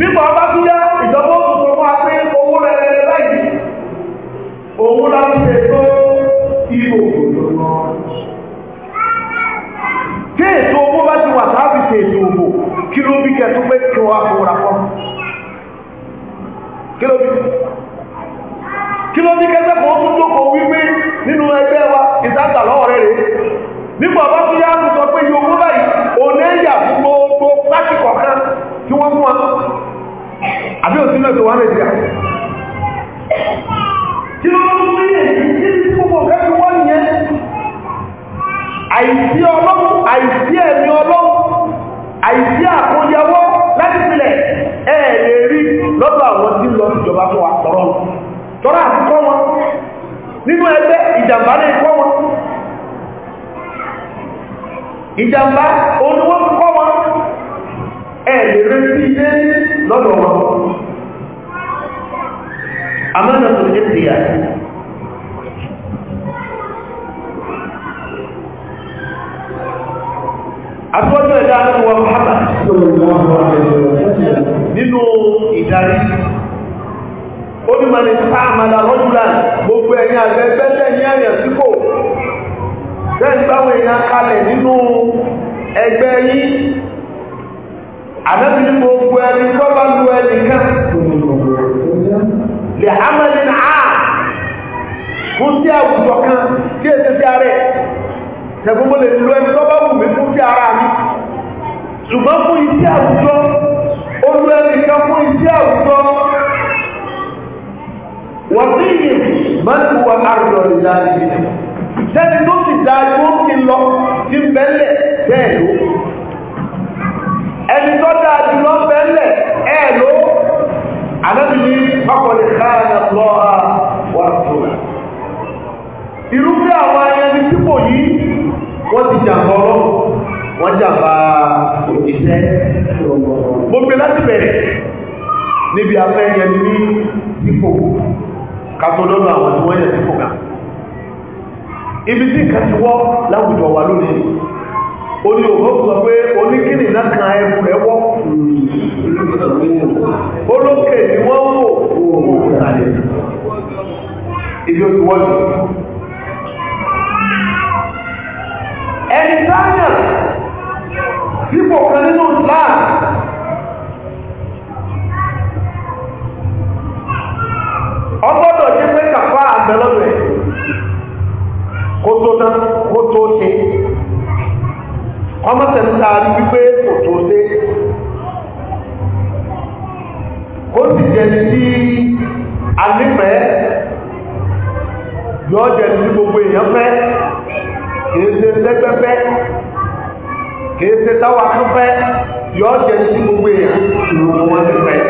Speaker 1: nípa ọba tó yá ìjọba ó sọ fún wa pé owó rẹ̀ láìsí òun la fi ṣètò ìbò tí ètò owó bá ti wà sáà fi ṣètò òbò kí ló bí kẹ tó pé kí wọ́n á fowó ra fún kí ló kí ló ní kẹsẹ̀ kan tún jókòó wípé nínú ẹgbẹ́ wa ìtajà lọ́wọ́ rẹ̀ rèé nípa ọba tó yá tó sọ pé yòówó báyìí òun ẹ̀yà gbogbo pátì kọ̀ọ̀kan tí wọ́n fún wa àbí òsì náà tó wà nàìjíríà tí wọ́n fún ní èyí tí ti gbogbo kẹ́kẹ́ wọ́n yẹn àìsí ọlọ́run àìsí ẹ̀mí ọlọ́run àìsí àkóyawọ́ láti sílẹ̀ ẹ̀ lè rí lọ́dọ̀ àwọn tí lọ ìjọba fún wa tọ̀rọ̀ tọ́rọ àti kọ́ wọn nínú ẹgbẹ́ ìjàmbá lè kọ́ wọn ìjàmbá olówó
Speaker 2: ẹ lè retí ilé lọ́dọ̀ wọn
Speaker 1: amánà tó ní ti yà àtúwọ́jọ́ ẹ̀dá àwọn ọmọ nínú ìdarí ó ní màá ní sáàmàlà rọ́jùlá gbogbo ẹ̀yìn àgbẹ̀gbẹ́lẹ̀ ní àyẹ̀ sípò bẹ́ẹ̀ báwọn èèyàn kalẹ̀ nínú ẹgbẹ́ yìí àbẹ́bí ní gbogbo ẹni tó bá lu ẹni kan lè amẹ́lì náà fún sí àwùjọ kan kí èsì sí ara ẹ̀ tẹ̀gbọ́n mo lè lu ẹni tó bá wù mí fún sí ara mi ṣùgbọ́n fún iṣẹ́ àwùjọ olú ẹni kan fún iṣẹ́ àwùjọ wọ́n sí ìyẹn mẹ́rin wọ àrùn ọ̀rẹ́ láti ṣẹ́ni tó sì dáa tó ń lọ sí ẹni tó dáa jù lọ bẹ́ẹ̀lẹ̀ ẹ̀ ló anábì ní ọkọ̀lẹ̀ káàdà lọ wà tó irúfẹ́ àwọn ẹni tí kò yí wọ́n ti jàǹbá ọlọ́run wọ́n jàǹbá òjíṣẹ́ mo pe láti bẹ̀rẹ̀ níbi afẹ́ yẹni ní dípò kàtọ́lọ́lọ́ àwọn tí wọ́n yẹ dípò kan ibi tí nǹkan ti wọ́ láwùjọ wà lónìí oní òhó sọ pé oníkìnnì náà kan olókè ni wọ́n wò òhò sàlẹ̀ ibi oṣù wọ́n jù ẹni sáyà sípò kan nínú islam ọgbọ́dọ̀ jẹ́ pé kọ́mọ́sẹ̀ntà rí wípé kò tó dé kó sì jẹ́ sí alífẹ́
Speaker 2: yọ́ jẹ́ sí gbogbo èèyàn fẹ́ kìí ṣe lẹ́gbẹ́fẹ́
Speaker 1: kìí ṣe táwà tó fẹ́ yọ́ jẹ́ sí gbogbo èèyàn ìròyìn wọn ti fẹ́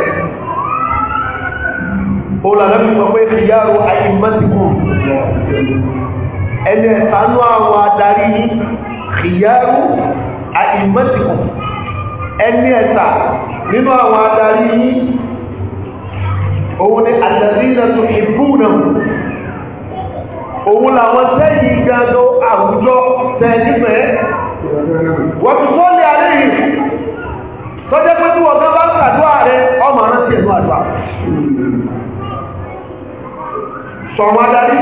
Speaker 1: ẹni ẹ̀sánú àwọn adarí ìyáru àìmọ́sìkò ẹni ẹ̀ta nínú àwọn adarí yí òun ni àtàzínà tó ìbúnà òun làwọn tẹ́yì gánà àwùjọ tẹ́ẹ̀lífẹ́ wọ́n ti tó lè àrí tọ́jẹ́ pé tí wọ́n bá sàdúwà rẹ ọmọ rántí ẹ̀nú àdúwà sọ̀rọ̀ adarí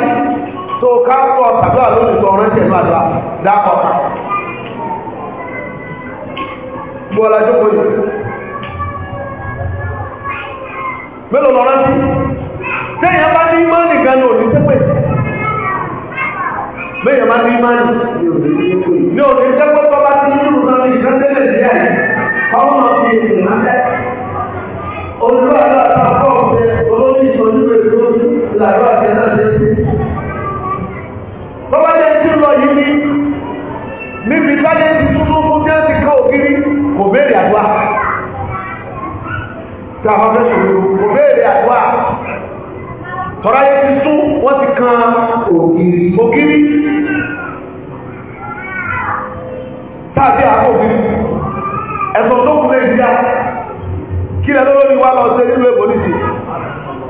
Speaker 1: tó ká pọ̀ sàdúwà lónìí sọ̀rọ̀ rántí ẹ̀nú àdúwà dákọ̀ọ́ta bọ́ọ̀lá jókòó yìí mélòó lọ rántí tẹ́yìn bá ní ìmánì gan ní òní tẹ́pẹ̀
Speaker 2: mẹ́yìn bá ní ìmánì
Speaker 1: ní òní tẹ́pẹ̀ tó bá ti nínú náà ní ìdándẹ́lẹ̀ sí àyè káwọn máa fi ètò ìrànlẹ́ olùdó àlọ́ àtàkọ́ ọ̀fẹ́ olórí ìtọ́jú ètò ìlàrọ̀ àti ẹ̀dá níbi táyé ti túnú fún jẹ́ ti ká ògiri kò béèrè àdúrà tí a máa fẹ́ ṣòro kò béèrè àdúrà tọ́ráyé ti tún wọ́n ti kan ògiri tàbí àkóbiri ẹ̀sọ̀ tó kù lè jíjá kí lẹ́lọ́lọ́ni wá lọ sí ilé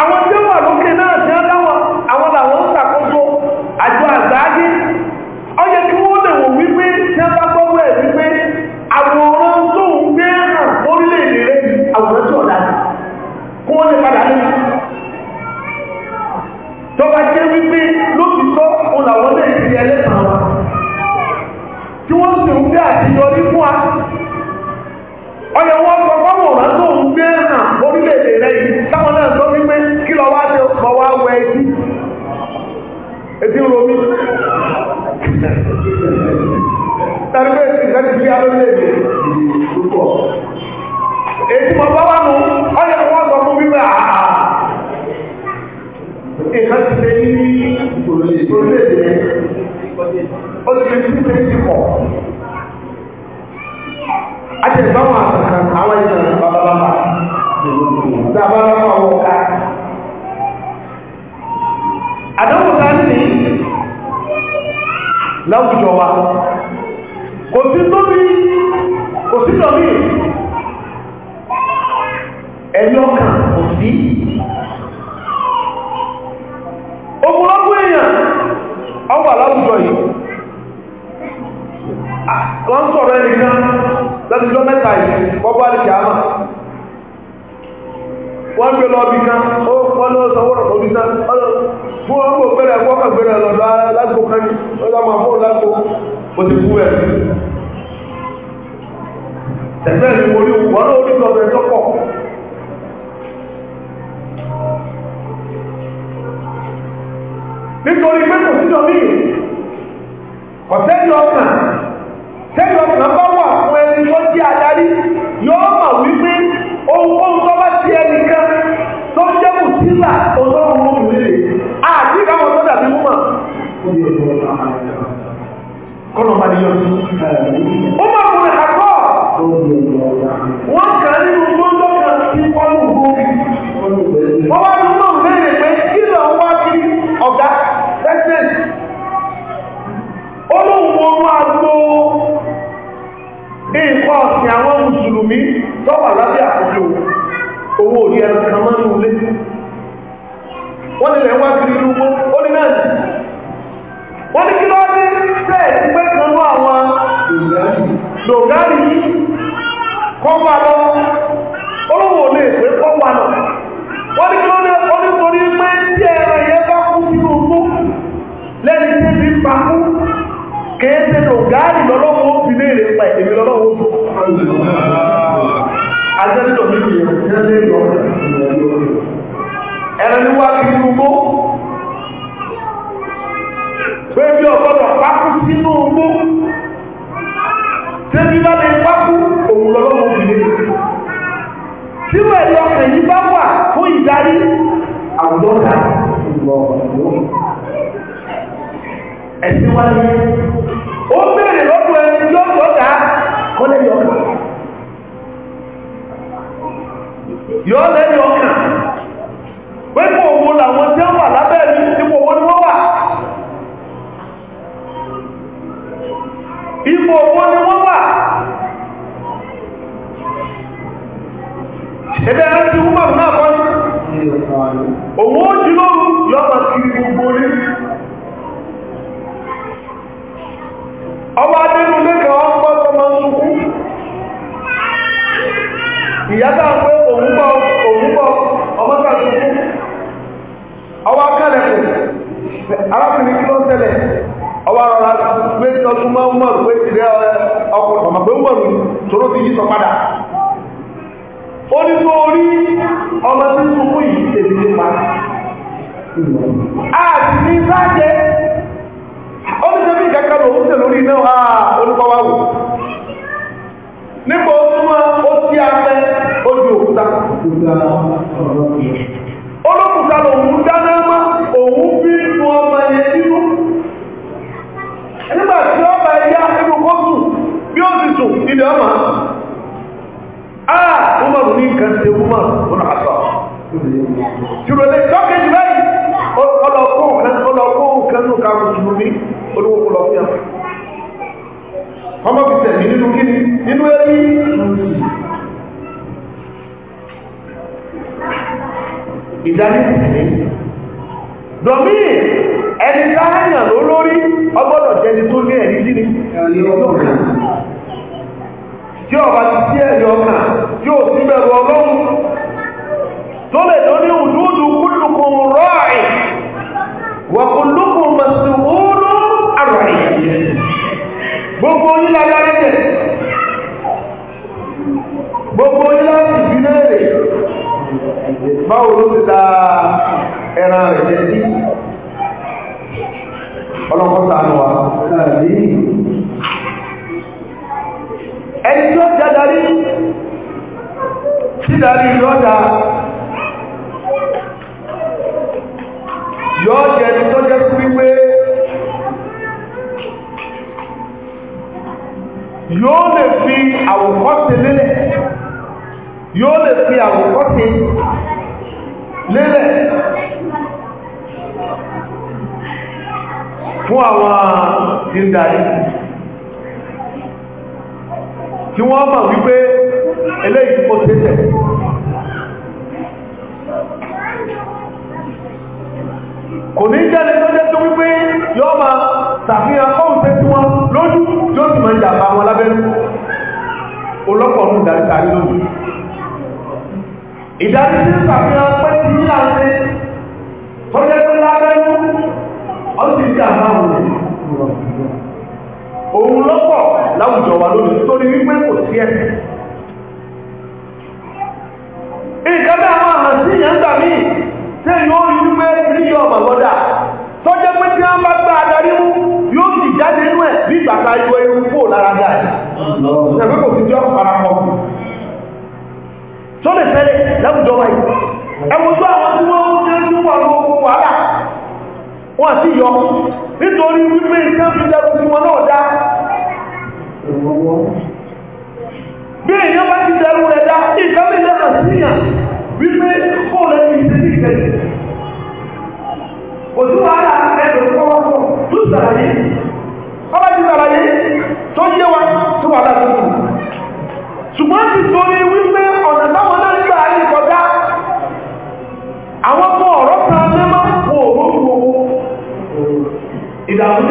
Speaker 1: àwọn tí ó wà lókè náà tí ó dáwọn àwọn làwọn ń ṣàkóso àjọ àgbáyé ó yẹ kí wọ́n lè wò wípé tí ó bá gbọ́wọ́ ẹ̀ wípé àwòrán tó ń gbé hàn lórílẹ̀-èdè rẹ̀ àwòrán tí ó dájú kó wọ́n lè padà ní tó bá jẹ́ wípé lókìtọ́ òun làwọn lè fi ẹlẹ́sàn wọn tí wọ́n sì ń gbé àtijọ́rí fún wa ọyọ wọn sọ fọwọ́ ọ̀rán tó ń gbé hàn orílẹ̀-èdè rẹ̀ yìí táwọn náà sọ wípé kí lọ wá ṣe lọ wá wẹ etí etí romi tàbí pé etí ìfẹ́ ti fi alólédè púpọ̀ etí mọ̀ bá wà nù ọ̀yẹ̀ kó wọ́n sọ fún wípé àà ìfẹ́ ti ṣe ní orílẹ̀-èdè ó ti fi ti ṣe ti pọ̀ a ti gbáwọn àtàkà àwọn ìtàn babaláwa
Speaker 2: babaláwa wọ̀ ká. láwùjọ
Speaker 1: wa kò sí tóbi kò sí tọ́bí ẹ̀yọ́ kan kò sí ogunlọ́gbọ́ èèyàn ọwà láwùjọ yìí wọ́n sọ̀rọ̀ ẹnìkan láti lọ mẹ́ta yìí gbọ́gbọ́ àdìkì àmà wọ́n gbé lọ bí kan ó wọ́n lọ́sọ̀wọ́rọ̀ fún wọn kò gbẹrẹ fún ọkàn gbẹrẹ lọ́dọ̀ alágbó kan ní lọ́dọ̀ máa fún lágbo mo ti kú ẹ. ẹgbẹ́ mi mo rí wọn lórí lọ́dọ̀ ẹ lọ́pọ̀. nítorí pé kò síjọ míì ọ̀tẹ́jọ ọkàn tẹ́jọ ọkàn bá wà fún. kọ́nà bá níyọ́ sí ó máa mú ẹ̀kọ́ wọ́n kà nínú gbọ́ndọ́ sí pọ́lù gbóògì wọ́n wá ní náà mẹ́rin pé kí lọ wá sí ọ̀gá president olóhùn ọmọ àgbo nǹkan ọ̀sìn àwọn mùsùlùmí lọ́wọ́ lábẹ́ àkójọ owó orí ẹran mọ́ ó ní kí lọ́wọ́ ní bẹ́ẹ̀ ti pé kanú àwọn dògárì yìí kọ́pà lọ olówó lè pé kọ́pà lọ wọ́n ní kí lọ́wọ́ ní onítorí pé tí ẹran yẹn bá kú sínú ogbó lẹ́ni tí fi ń pakú kìí ṣe dògárì lọ́lọ́wọ́ ó fi léèrè pa èmi lọ́lọ́wọ́ ó Ẹran ni wá kí ní ugbó,
Speaker 2: bébí ọ̀gbọ́dọ̀ pákú sínú ogbó
Speaker 1: tẹ́bí bá lè pákú òun lọ́lọ́wọ́ òbílẹ̀ tí wọ́n ẹ̀yọ ẹ̀yí bá wà fún ìdarí àwùjọ́ta ẹ̀sìn wá ní ó bèèrè lọ́dọ̀ ẹni tí ó gbọ́ta kọ́lẹ̀ yọ
Speaker 2: yọ lẹ́yìn ọkàn
Speaker 1: pé kò wo làwọn tí ó wà lábẹ́ ẹ̀mí
Speaker 2: tí kò wọ́n ipò owó ni wọ́n wà ẹgbẹ́ ẹ̀rẹ́ ti wúmọ̀ náà kọ́ ní
Speaker 1: owó ojúlóòrùn lọ́pàá kiri gbogbo ní ọba nínú lẹ́kẹ̀ ọgbọ́ tó máa ń sunkú ìyáta pé òun bọ́ ọmọ kàtùkú ọwá arákùnrin kí ló ṣẹlẹ̀ ọwọ́ ọ̀rọ̀ pé ọdún máa ń mọ̀rù pé ìrẹ́ ọkùnrin ọmọ pé mọ̀rù tóró ti yí sọ padà ó ní tó orí ọmọ tí sunkún yìí tèmi ti pa àti ní sáàjẹ́ ó ní sẹ́bí ìkẹ́kẹ́ lò ó sì lórí náà olùkọ́wà wò nípa ó tún ó sí afẹ́ ó di òkúta mọ́ àà wọ́n mọ̀ ní nǹkan ṣe wọ́n mọ̀ wọ́n náà sọ ṣùgbọ́n tọ́kẹ́ jù báyìí ọlọ́kọ́ nǹkan nù ká kò jù mí olówó kò lọ fún yàrá
Speaker 2: ọmọ fi tẹ̀mí nínú kíni nínú ẹbí ìdánilẹ̀
Speaker 1: dọ̀mí ẹni táyà lólórí ọgbọ́dọ̀ jẹni tó ní ẹ̀rí sí ni tí ọba ti sí ẹ̀yọ ọkàn yóò sí bẹ̀rù ọlọ́run tó lè tó ní ùdúdú kúlùkùn rọ́ọ̀ì wọ̀kùnlùkùn mọ̀sùwúrú àrọ̀ì gbogbo onílá lárẹ́jẹ̀ gbogbo onílá ti fi léèrè báwo ló ti da ẹran rẹ̀ jẹ́ sí ọlọ́pọ̀ sànù wa ẹni tí ó jẹ́ darí tí darí yọ́dá
Speaker 2: yọ́ jẹ́ ẹni tó jẹ́ sí wípé
Speaker 1: yóò lè fi àwòkọ́sí lélẹ̀ yóò lè fi àwòkọ́sí lélẹ̀ fún àwọn tí ń darí tí wọ́n mọ̀ wípé eléyìí ó tẹ́tẹ̀ kò ní jẹ́ lẹ́tọ́ jẹ́ tó wípé yọ́ ma sàfihàn kọ́ùn tẹ́ tí wọ́n lójú yóò sì mọ̀ ń jàmbá wọn lábẹ́nu olọ́pọ̀ọ̀nù ìdáríkàrí lójú ìdárí sí sàfihàn pẹ́ ti ní àṣẹ tó jẹ́ wọn àwùjọ wa lónìí torí wípé kò sí ẹ̀sẹ̀ nǹkan bá àwọn àmà sí ìyàn gbà míì tẹ́ yóò rí wípé níyọ ọmọ lọ́dà tó jẹ́ pé tí wọ́n bá gbá adarí mú yóò sì jáde inú ẹ̀ bí bàtà yọ ewu kó lára dà ẹ̀fẹ́ kò sí jọ parapọ̀ tó lè fẹ́lẹ̀ láwùjọ wa yìí ẹ̀wùn tó àwọn tí wọ́n ń jẹ́ níwọ̀n lóko wàhálà wọ́n sì yọ nítorí wípé ìjẹ́ fi jẹ́ gbogbo wọn náà dá bí èèyàn bá ti dẹrù rẹ̀ dá nǹkan bí lẹ́nà síyàn wípé kó lè fi ṣe ní ìgbẹ̀lẹ̀ òtún wàhálà ẹ̀rọ kọ́wọ́kọ́ tó sàlàyé ọba ti sàlàyé tó yé wa tó wà láti kù ṣùgbọ́n ti torí wípé ọ̀nà táwọn náà nígbà ayé kọjá àwọn ọmọ ọ̀rọ̀ kan lẹ́mọ́ wò ó ìdààmú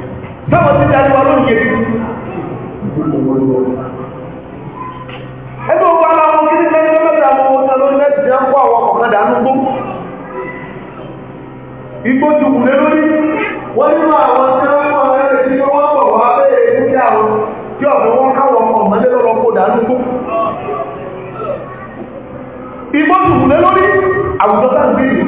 Speaker 1: táwọn ti darí wa lónìí yẹn ẹgbẹ́ òkú ara wọn kí ní lẹ́yìn mẹ́ta àwọn ọmọ lórí mẹ́tì jẹ́ ń kó àwọn ọ̀kadà nùgbó igbó ti wù lé lórí wọ́n nínú àwọn tí wọ́n kọ́ ọ̀rẹ́ rẹ̀ sí wọ́n pọ̀ wá bẹ́ẹ̀ ẹ̀kú sí àwọn tí ọ̀dọ̀ wọn káwọn ọ̀mọdé lọ́wọ́ kó dà nùgbó igbó ti wù lé lórí àwùjọ sáà ń gbé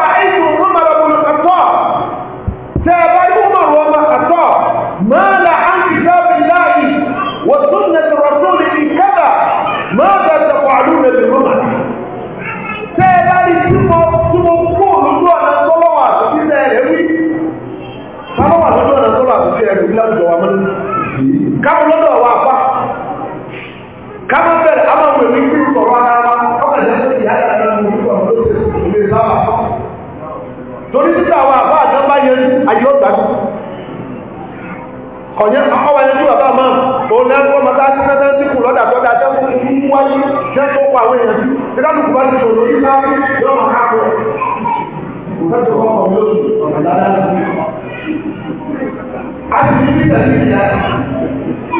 Speaker 1: káwọn lọ́dọ̀ wà fà káwọn bẹ̀rẹ̀ àwọn ọmọ ìwé ìpín sọ̀rọ̀ ara wa ọmọ ìlẹ́sẹ̀ ìyá ìyá ìyá ìyá ìlú sábà torí títà wà fà àjọba yẹn ayé ọgbà kọ̀nyẹ́ ọwọ́ ẹni tí bàbá máa òun náà wọ́n máa dájú náà sí kù lọ́dà tó dájọ́ fún mú wáyé jẹ́ tó pa àwọn èèyàn tí káàdùn kù bá ti sọ̀rọ̀ ní sáré yóò máa ká pọ̀ òfẹ́tò kan kọ̀ lóṣù ọ̀nà dáadáa
Speaker 2: sí. a ti ní bí tẹ̀lé ìyá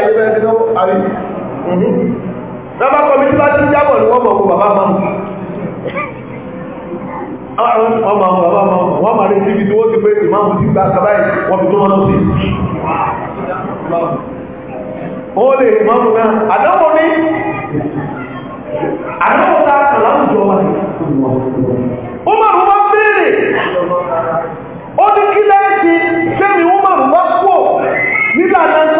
Speaker 1: ayé bẹ́ẹ̀ ti lọ́wọ́ àrí bàbá kọmítí bá ti jábọ̀ ní wọ́n mọ̀kún bàbá máa ọmọ àwọn bàbá máa wọ́n máa rí síbi tí wọ́n ti pé ìmáàmù ti gba kàbáyì wọ́n fi tó wọn lọ́sí ó lè ìmáàmù náà àdánwò ní àdánwò tá a kàn láwùjọ wa ó máa rú wá béèrè ó ní kí lẹ́yìn tí sẹ́mi ó máa rú wá pọ̀ nígbà náà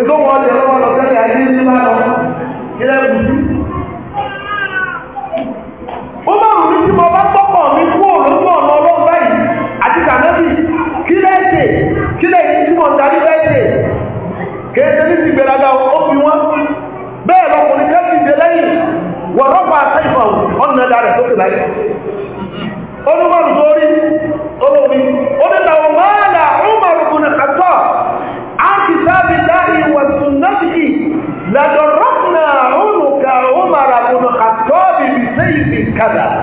Speaker 1: ètò wọn lè lọ́wọ́ lọ sẹ́lẹ̀ àti ní bá lọ ilẹ̀ ìbùsù
Speaker 2: ó bá rù mí tí mo bá tọ́pọ̀ mi kú òlójú ọ̀nà ọlọ́run báyìí àti kànábì
Speaker 1: kí lẹ́ẹ̀dẹ̀ kí lẹ́yìn tí mo darí lẹ́ẹ̀dẹ̀ kéèké ní ti gbèrágà ó fi wọ́n bẹ́ẹ̀ lọkùnrin kẹ́ ti dé lẹ́yìn wọ̀n rọ́pà àtẹ́fà ọ̀nà ẹ̀dá rẹ̀ sókè láyé olúmọ̀rù sórí olómi ó ní tàwọn máàlà ó mọ̀rù kùnà kàtọ́ لضربنا عنق عمر بن الخطاب بسيف كذا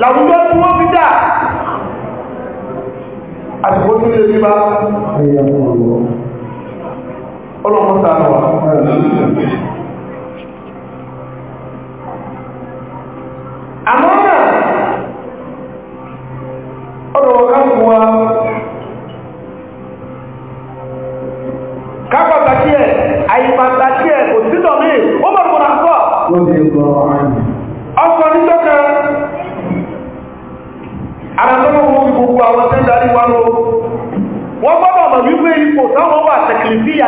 Speaker 1: làwùjọ tí wọ́n fi dà àtìkò tí ó lè bíbá ọlọ́pọ̀ sàánà wà àmọ́ ipò táwọn wà tẹ̀kìlìfíyà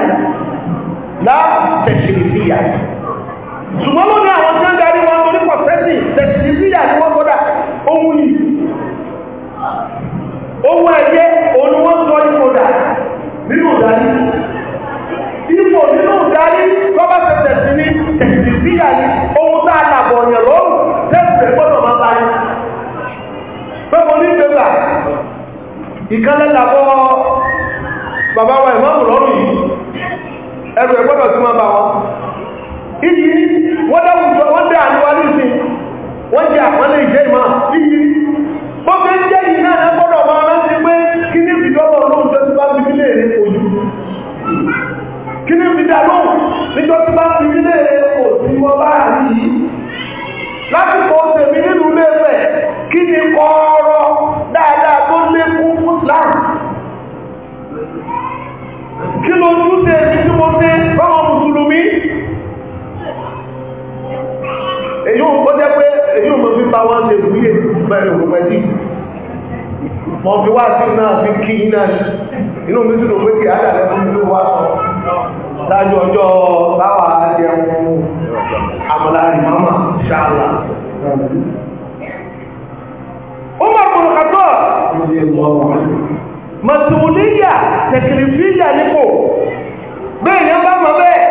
Speaker 1: látẹ̀kìlìfíyà ṣùgbọ́n ló ní àwọn tí ó darí wọn tó ní pọ̀fẹ́sì tẹ̀kìlìfíyà ni wọ́n kọ́dà ohun yìí ohun ẹ̀yẹ òun wọ́n sọ ipò dà nínú ìdarí ipò nínú ìdarí lọ́bà tẹ̀tẹ̀ sí ní tẹ̀kìlìfíyà ni ohun tá a làbọ̀ yẹ̀ lọ́rùn tẹ́sẹ̀ gbọ́dọ̀ máa parí pẹ́pọ̀ ní ìgbẹ́gbà ìkálẹ̀ làbọ̀ bàbá wa ìmáàmù lọ́rùn yìí ẹrù ẹgbọ́dọ̀ tí máa bá wọn iyì wọ́n dáwùjọ wọ́n dá àníwá ní ìsìn wọ́n jẹ́ àpọ́nlé ìjẹ́ ìmá iyì bó fẹ́ jẹ́ yìí náà ẹ gbọ́dọ̀ máa rántí pé kí ní ìjọba olóhùn tó ti bá fi nílé rẹ ojú kí ní ìdá lóhùn níjọ ti bá fi nílé rẹ òsì wọ́n bá rí yìí lásìkò tèmi nínú ilé rẹ kí ni kọ́ kí ló túnṣe ní tí mo ṣe báwọn mùsùlùmí èyí ò jẹ́ pé èyí ò mọ̀ fi bá wọ́n ṣe wúyè mẹ́rin òkùnmẹ́ sí mọ̀ fi wá sí náà fi kí iná inú mi sí ló pé kí àdàlẹ́ fún mi ló wá sọ dájú ọjọ́ báwa jẹun àmàlà ìmọ́mà ṣáàlà ó mọ̀ mọ̀ kàtọ́ mọ̀tòlíyà tẹ̀kìlìfíyà nípò bẹ́ẹ̀ yẹn bá mọ̀ bẹ́ẹ̀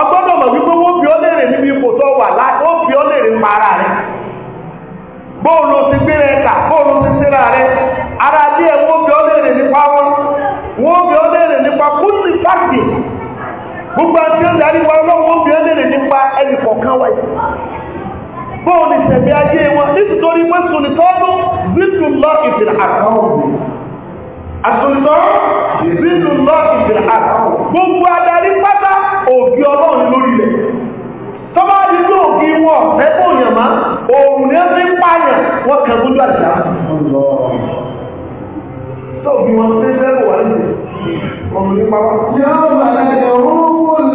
Speaker 1: ọgbọ́dọ̀ mọ̀ wípé wọ́n fi ọlẹ́rè níbi ipò tó wà láti ó fi ọlẹ́rè para rẹ̀ bóòlù ti gbé rẹ̀ kà ti síra rẹ̀ ara díẹ̀ wọ́n fi ọlẹ́rè nípa wọn wọ́n fi ọlẹ́rè nípa kúlì fáàkì gbogbo àti ọlọ́wọ́ fi nípa ẹnì kọ̀ọ̀kan bóòlù ìṣẹ̀bí ajé wọn nítorí àtúntọ́ ìbínú lọ́ọ̀kì ìbìlà àti gbogbo adarí pátá òbí ọlọ́run lórí rẹ̀ tọ́bá di tó òbí wọ̀ ẹgbẹ́ òyìn má òun ní ẹgbẹ́ pààyàn wọ́n kàn lójú àjá tó òbí wọn tó ṣe lẹ́rù wà nílẹ̀ ọmọ ní pàwọ́ yóò bàtà ẹ̀rọ wọ́n lè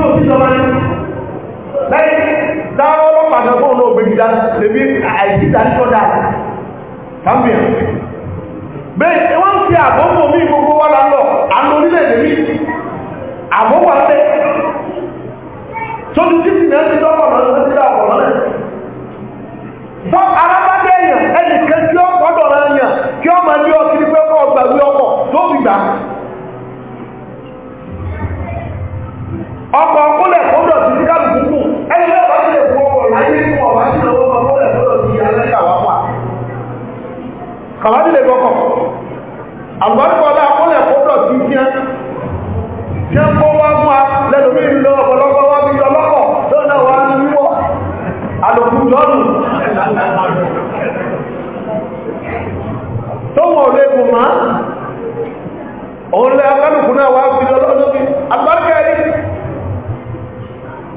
Speaker 1: tí ò sí ìjọba ní lẹ́yìn dáwọ́ ọlọ́pàá kan fóònù ògbèjìdá lèbí àìsíta ní kọ́dá gambia bẹ́ẹ̀ wọ́n fi àgbọ́gbọ́ mí gbogbo wá lálọ́ àmì orílẹ̀-èdè mí àgbọ́gbọ́ tẹ́ tó ti tí ìpìnlẹ̀ ti dọ́pọ̀ lọ́nà ti dọ́pọ̀ lọ́nà bọ́ arábádé èèyàn ẹnìkan tí ó pọ́dọ̀ rẹ̀ èèyàn kí ọ ọkọ̀ kúlẹ̀ kódọ̀ sí sí káàkiri kù ẹni lọ́wọ́ bá ti lè fún ọkọ̀ láyé fún ọ̀bá sí lọ́wọ́ ọkọ̀ kúlẹ̀ kódọ̀ sí alẹ́ta wà wà kàwádìí lè gbọ́kọ̀ àgbàdìkọ̀ọ́lá kúlẹ̀ kódọ̀ sí sí ẹ́ tí ó kó wá mú a lẹ́lòmí lọ ọ̀pọ̀lọpọ̀ wá bí ọlọ́pọ̀ lọ́nà wà ní wíwọ́ àlòkù jọ́nù tó wọ̀ lẹ́gùn máa òun lẹ́ akálùkù náà wá bí ọlọ́pọ̀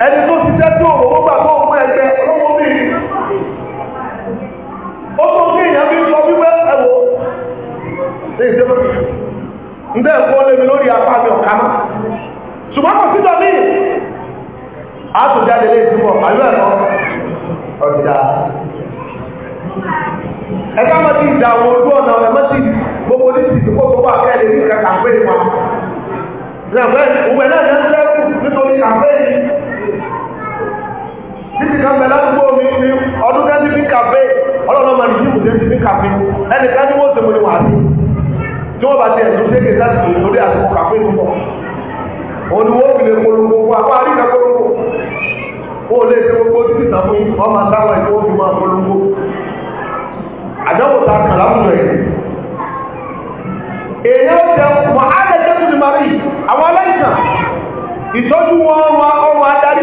Speaker 1: ẹni tó ṣiṣẹ́ tí òun gbà tó fún ẹgbẹ́ ọlọ́wọ́ mi ó tó kí èèyàn fi sọ wípé ẹwọ ń dẹ́ ẹ̀kọ́ lémi lórí apá mi ṣùgbọ́n kò síjọ ní àtòjáde lè túbọ̀ àyọ́ ẹ̀kọ́
Speaker 2: ọ̀dìdá
Speaker 1: gbogbo
Speaker 2: títí kan bẹ̀rẹ̀ ládùúgbò
Speaker 1: ní ọdún kẹ́sìfín kàfé ọlọ́run máa nìyí ìwòsàn kẹ́sìfín kàfé ẹnì kan ní wà tí wọ́n bá ti lórí àsìkò púpọ̀ polongo ó lè ṣe gbogbo títí ọmọ àtàwọn fi máa polongo ta jẹ jẹ́ tuntun àwọn aláìsàn ìtọ́jú wọn ọrùn adarí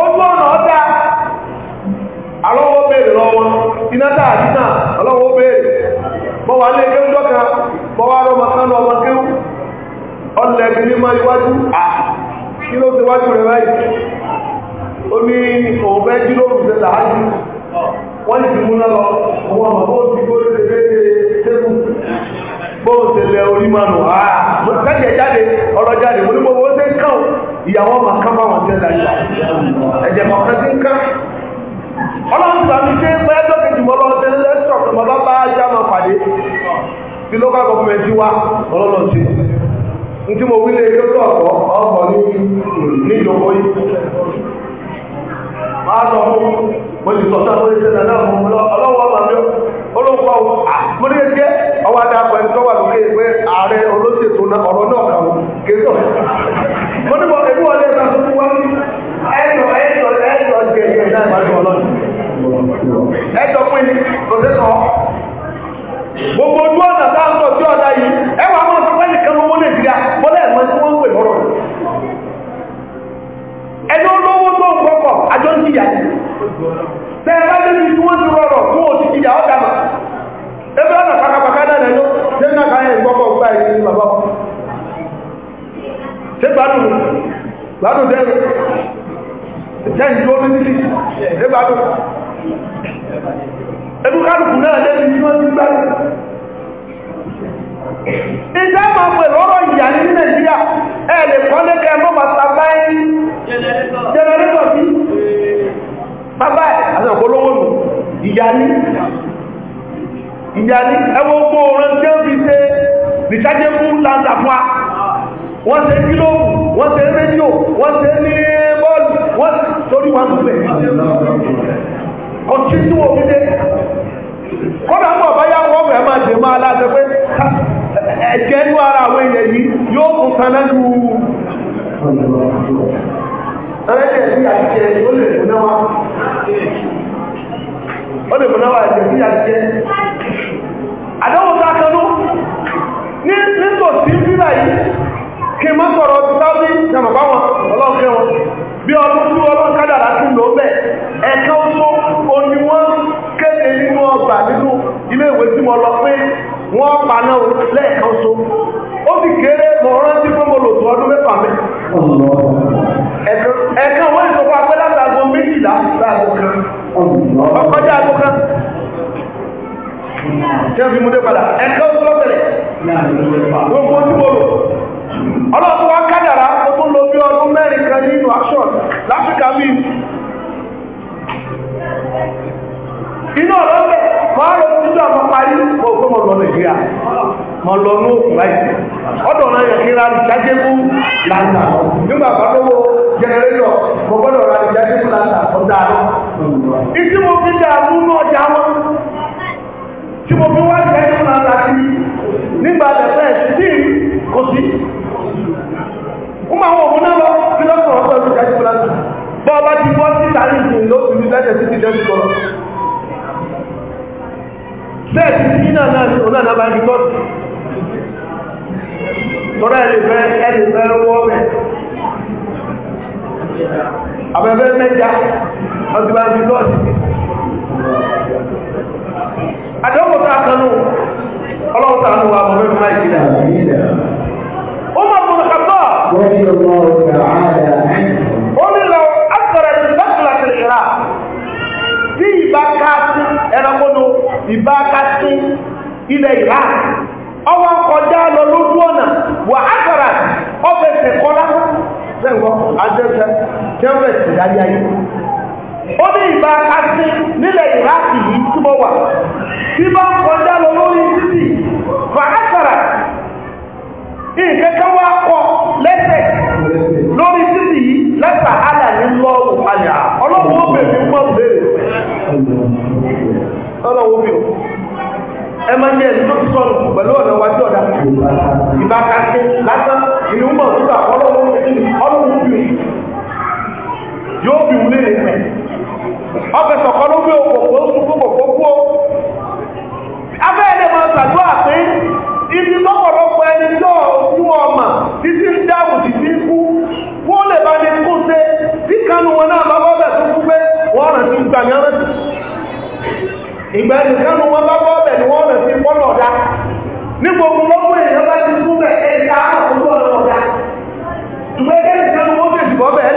Speaker 1: ojú na ọ̀dá alọ́wọ́ bèèrè lọ́wọ́ ináta àdínà alọ́wọ́ bèèrè bọ́wà lè gẹ́ ńdọ́ka bọ́wà ọlẹ́bí ní ma iwájú à kí ló ti wájú rẹ̀ báyìí ó ní òun fẹ́ jí lóòrùn ṣe làájú wọ́n ti mú ọmọ bó ti kó lè bó ti lẹ orí mo ti jáde ọlọ́jáde mo ní mo wọ́n ṣe ń kàn ìyàwó ọmọ wọn tẹ́ láyé ẹ̀jẹ̀ kọ̀ọ̀kan ti ń ká ọlọ́run sàmì pé pẹ́ẹ́dọ́ kejì mọ́ lọ tẹ́lẹ̀ lẹ́sọ̀ tó mọ́ bá bá ajá máa pàdé tí local government wá ọlọ́run ti n tí mo tó ọ̀pọ̀ ọ̀pọ̀ ní yìí máa sọ fún mo ti sọ sáà lórí sẹ́nà náà fún ọlọ́wọ́ ọmọ mi olóńgbò جميلا عمر بن الخطاب رضي الله تعالى عنه قل لو اثرت البخله في العراق في باكات انا قلت في باكات الى العراق ọwọ́ kọjá lọ lójú ọ̀nà wà ágàrà ọ̀fẹ́sẹ̀ kọ́lá sẹ́wọ́ adẹ́sẹ̀ tẹ́fẹ̀sì láyé ayé ó ní ìbá kásí nílẹ̀ ìrákì yìí túbọ̀ wà tí ìkẹ́kẹ́ wá kọ lẹ́sẹ̀ lórí títì yìí lẹ́sà àlà lọ́wọ́ àyà ọlọ́wọ́ bèbí mọ́ bèèrè ọlọ́wọ́ mi ò ẹ tó ti sọnù pẹ̀lú ọ̀nà iwájú ọ̀dà ìbákasí lásán ìlú mọ̀ nígbà ọlọ́wọ́ ọlọ́wọ́ mi yóò bí wúlé rẹ̀ pẹ̀ ọfẹsọ̀ kọ́ ló gbé òkòkò ibi ọmọ títí ń dáàbò títí ń kú wọ́n lè bá ní kó ṣe tí kanú wọn náà bá bọ́bẹ̀ tó kú pé wọ́n rẹ̀ sí gbàmì ọ̀rẹ́ ìgbẹ̀rẹ̀ kanú wọn bá bọ́bẹ̀ ni wọ́n rẹ̀ sí pọ́lọ̀ ọ̀dá ní gbogbo lọ́pọ̀ èèyàn bá ti kú bẹ̀ ẹ̀ta àkókò ọ̀dá ìgbẹ́gẹ́rẹ̀ kanú wọ́n fèsì bọ́bẹ̀ ẹ̀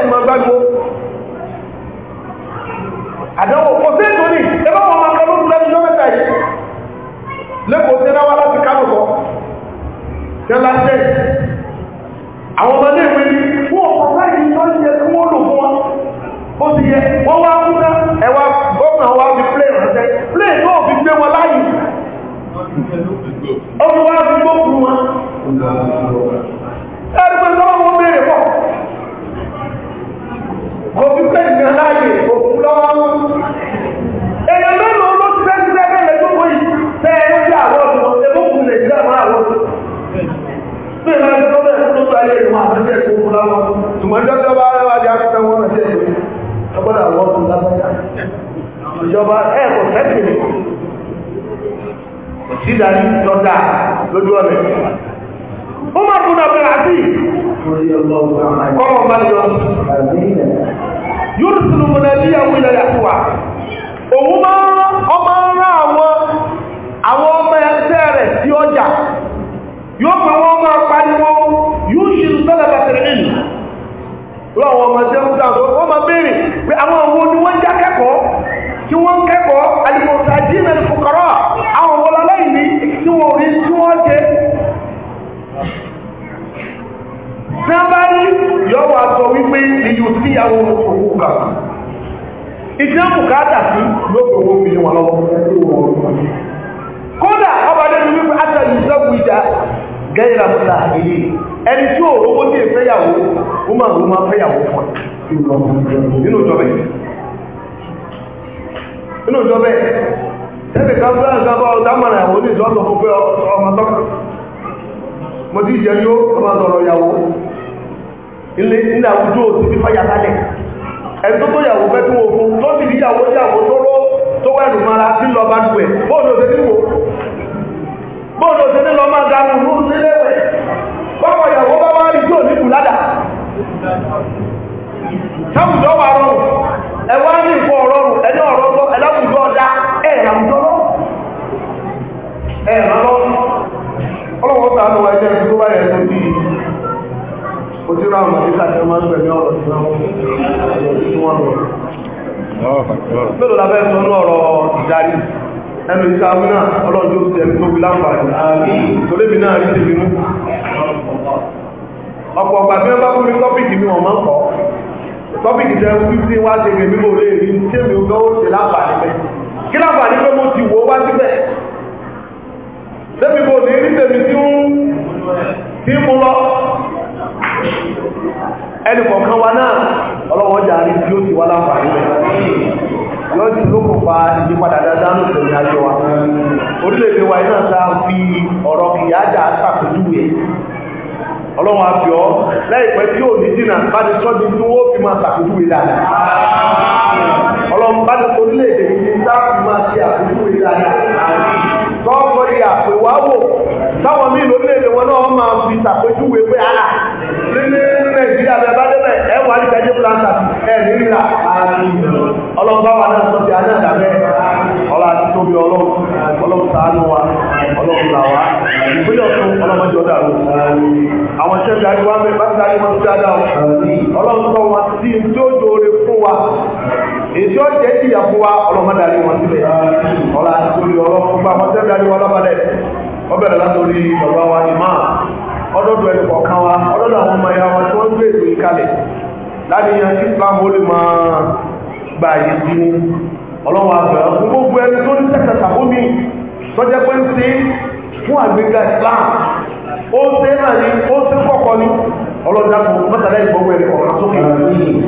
Speaker 1: àdánwò kò sí ìtòní ẹgbẹ́ wọn máa kọ́ lókùnrin lọ́mẹ́ta yìí lẹ́kọ̀ọ́ sí náwà tẹ́lájẹ́ àwọn ọmọdé ìwé ní fún ọ̀pọ̀ láì tó ń yẹ kí wọ́n lò fún wọn ó ti yẹ wọ́n wá kú ná ẹwà gómìnà wá fi plé ránṣẹ́ plé náà fi gbé wọn láyì ó fi wá fi gbókùn wọn ẹgbẹ́ lọ́wọ́ wọn béèrè pọ̀ mo fi plé ìgbà láyè baya yi ma an zai kuma kula ma su man dọ́dọ́ bá rẹwà jẹ́ akẹ́kọ̀ọ́ wọn ṣe é ọgbọ́dọ̀ àwọn ọdún lábẹ́yà ìjọba ẹ̀ kò fẹ́ẹ̀kì ni
Speaker 2: sídà ní lọ́dà lójú ọ̀rẹ́
Speaker 1: ó máa kún abẹ́ àti
Speaker 2: kọ́rọ̀ bá yọ
Speaker 1: yóò sùn mọ́ náà níyàwó ilẹ̀ yàtúwà òun máa ọmọ rán àwọn ọmọ ẹgbẹ́ rẹ̀ sí ọjà yóò pẹ̀wọ́n máa ìlú lọ́wọ́ ọmọ tí ó ń dáàbò wọ́n máa béèrè pé àwọn òwò ni wọ́n já kẹ́kọ̀ọ́ tí wọ́n ń kẹ́kọ̀ọ́ alìmọ̀tà jíìmẹ̀ ní fòkọ̀rọ̀ àwọn òwò lọ́lọ́ìní tí wọ́n rí tí wọ́n jẹ tí wọ́n bá rí yọ́wọ́ aṣọ wípé ìyù sí àwọn òkú kan ìjẹ́ bùkátà sí lókòwò fi wọn lọ́wọ́ kódà ọba dẹ́nu wípé àtàlù ìjọ́ ẹni tí ò rówó tí ìfẹ́yàwó ó máa rú máa fẹ́yàwó fún nínú ìjọba nínú ìjọba ẹgbẹ̀ kan fún àgbà ọ̀dámàrà àwọn oníṣọ́sọ fún pé ọmọ tọ́ka mo ti jẹ yóò ọmọ sọ̀rọ̀ ìyàwó ilé ilẹ̀ àwùjọ ti fi fàyà lálẹ̀ ẹni tó tó yàwó fẹ́ tí wọ́n fún tó sì níyàwó yàwó tó rọ́ tó wẹ́rù mara tí lọ bá dùn ẹ̀ bóòdó ṣe nílò máa dánú tọ́wọ́ ìyàwó bá wá rí yóò ní
Speaker 2: bùládà sáwùjọ wà rọrùn ẹwà ní ìfọ ọ̀rọ̀rùn ẹni ọ̀rọ̀gbọ́ ẹlẹ́wùjọ ọ̀dá ẹ̀rànjọ́
Speaker 1: ọlọ́wọ́ tàà lọ́wọ́ ẹgbẹ́ ìlú bá yẹ̀ tó bí ojú ra ọmọ ìta tẹ́ máa ń gbẹ̀mí ọ̀rọ̀ tí wọ́n lọ mélòó la fẹ́ sọ ní ọ̀rọ̀ ìdarí ẹnu tí a wúnà ọlọ́jọ́ sí ẹni tó wí láǹfààní torí mi náà rí tèmi mú ọ̀pọ̀ bí wọ́n bá mi tọ́pìkì mi wọ́n máa tọ́pìkì jẹ́ wí sí wá ṣe mi mo lè rí tèmi ó gbọ́ ṣe kí pé mo ti wò wá síbẹ̀ mo lè rí tèmi tí mo lọ ẹnì kọ̀ọ̀kan wa náà yóò ti lókò pa ìyípadà dáadáa ní ìtẹ̀lẹ̀ ayé wa orílẹ̀-èdè wa iná ta fi ọ̀rọ̀ kìyàjà sàpèjúwe ọlọ́run àfi ọ́ láìpẹ́ tí ò ní dínà bá ti sọ́dí tí wọ́n fi máa sàpèjúwe dáadáa ọlọ́run bá ti orílẹ̀-èdè yìí tá fi máa ṣe àpèjúwe dáadáa tọ́kọ̀ yìí àpèwáwò táwọn míì lórílẹ̀-èdè wọn náà máa fi sàpèjúwe pé àlà nílé Nàìjíríà bẹ́ẹ̀ bá débẹ̀ ẹ̀wà ní kẹjẹ́ fúlàǹtà ẹ̀ nílà àti ọlọ́run bá wà náà sọ sí aná ìdàbẹ́ ọlá àti tóbi ọlọ́run ọlọ́run ṣàánú wa ọlọ́run là wá ìpínlẹ̀ ọ̀tún ọlọ́run jọ dàrú àwọn ṣẹ́bi àríwá mẹ́ bá ti àríwá ti dáadáa ọlọ́run sọ wọn sí tí ó dóore fún wa èyí ó jẹ́ kí ìyàfó wa ọlọ́run darí wọn sílẹ̀ ọlá àti tóbi ọlọ́run bá wọn ṣẹ́bi àríwá lọ́balẹ̀ ọbẹ̀rẹ̀ látòrí bàbá wa ìmáà ọdọ́dọ̀ ẹni kọ̀ọ̀kan wa ọdọ́dọ̀ àwọn ọmọ ya wa tí wọ́n gbé ètò ìkalẹ̀ láti yan gba àyè sí ní ọlọ́run àbẹ̀rẹ̀ fún gbogbo ẹni tó ní tẹ́tẹ̀ sàbómi tọ́jẹ́ pé ń ṣe fún àgbéga Islam ó ṣe náà ni ó ṣe kọ́kọ́ ni ọlọ́dún àpò mọ́tàlẹ́ ìgbọ́gbọ́ ẹ̀rẹ̀ ọ̀rọ̀ sókè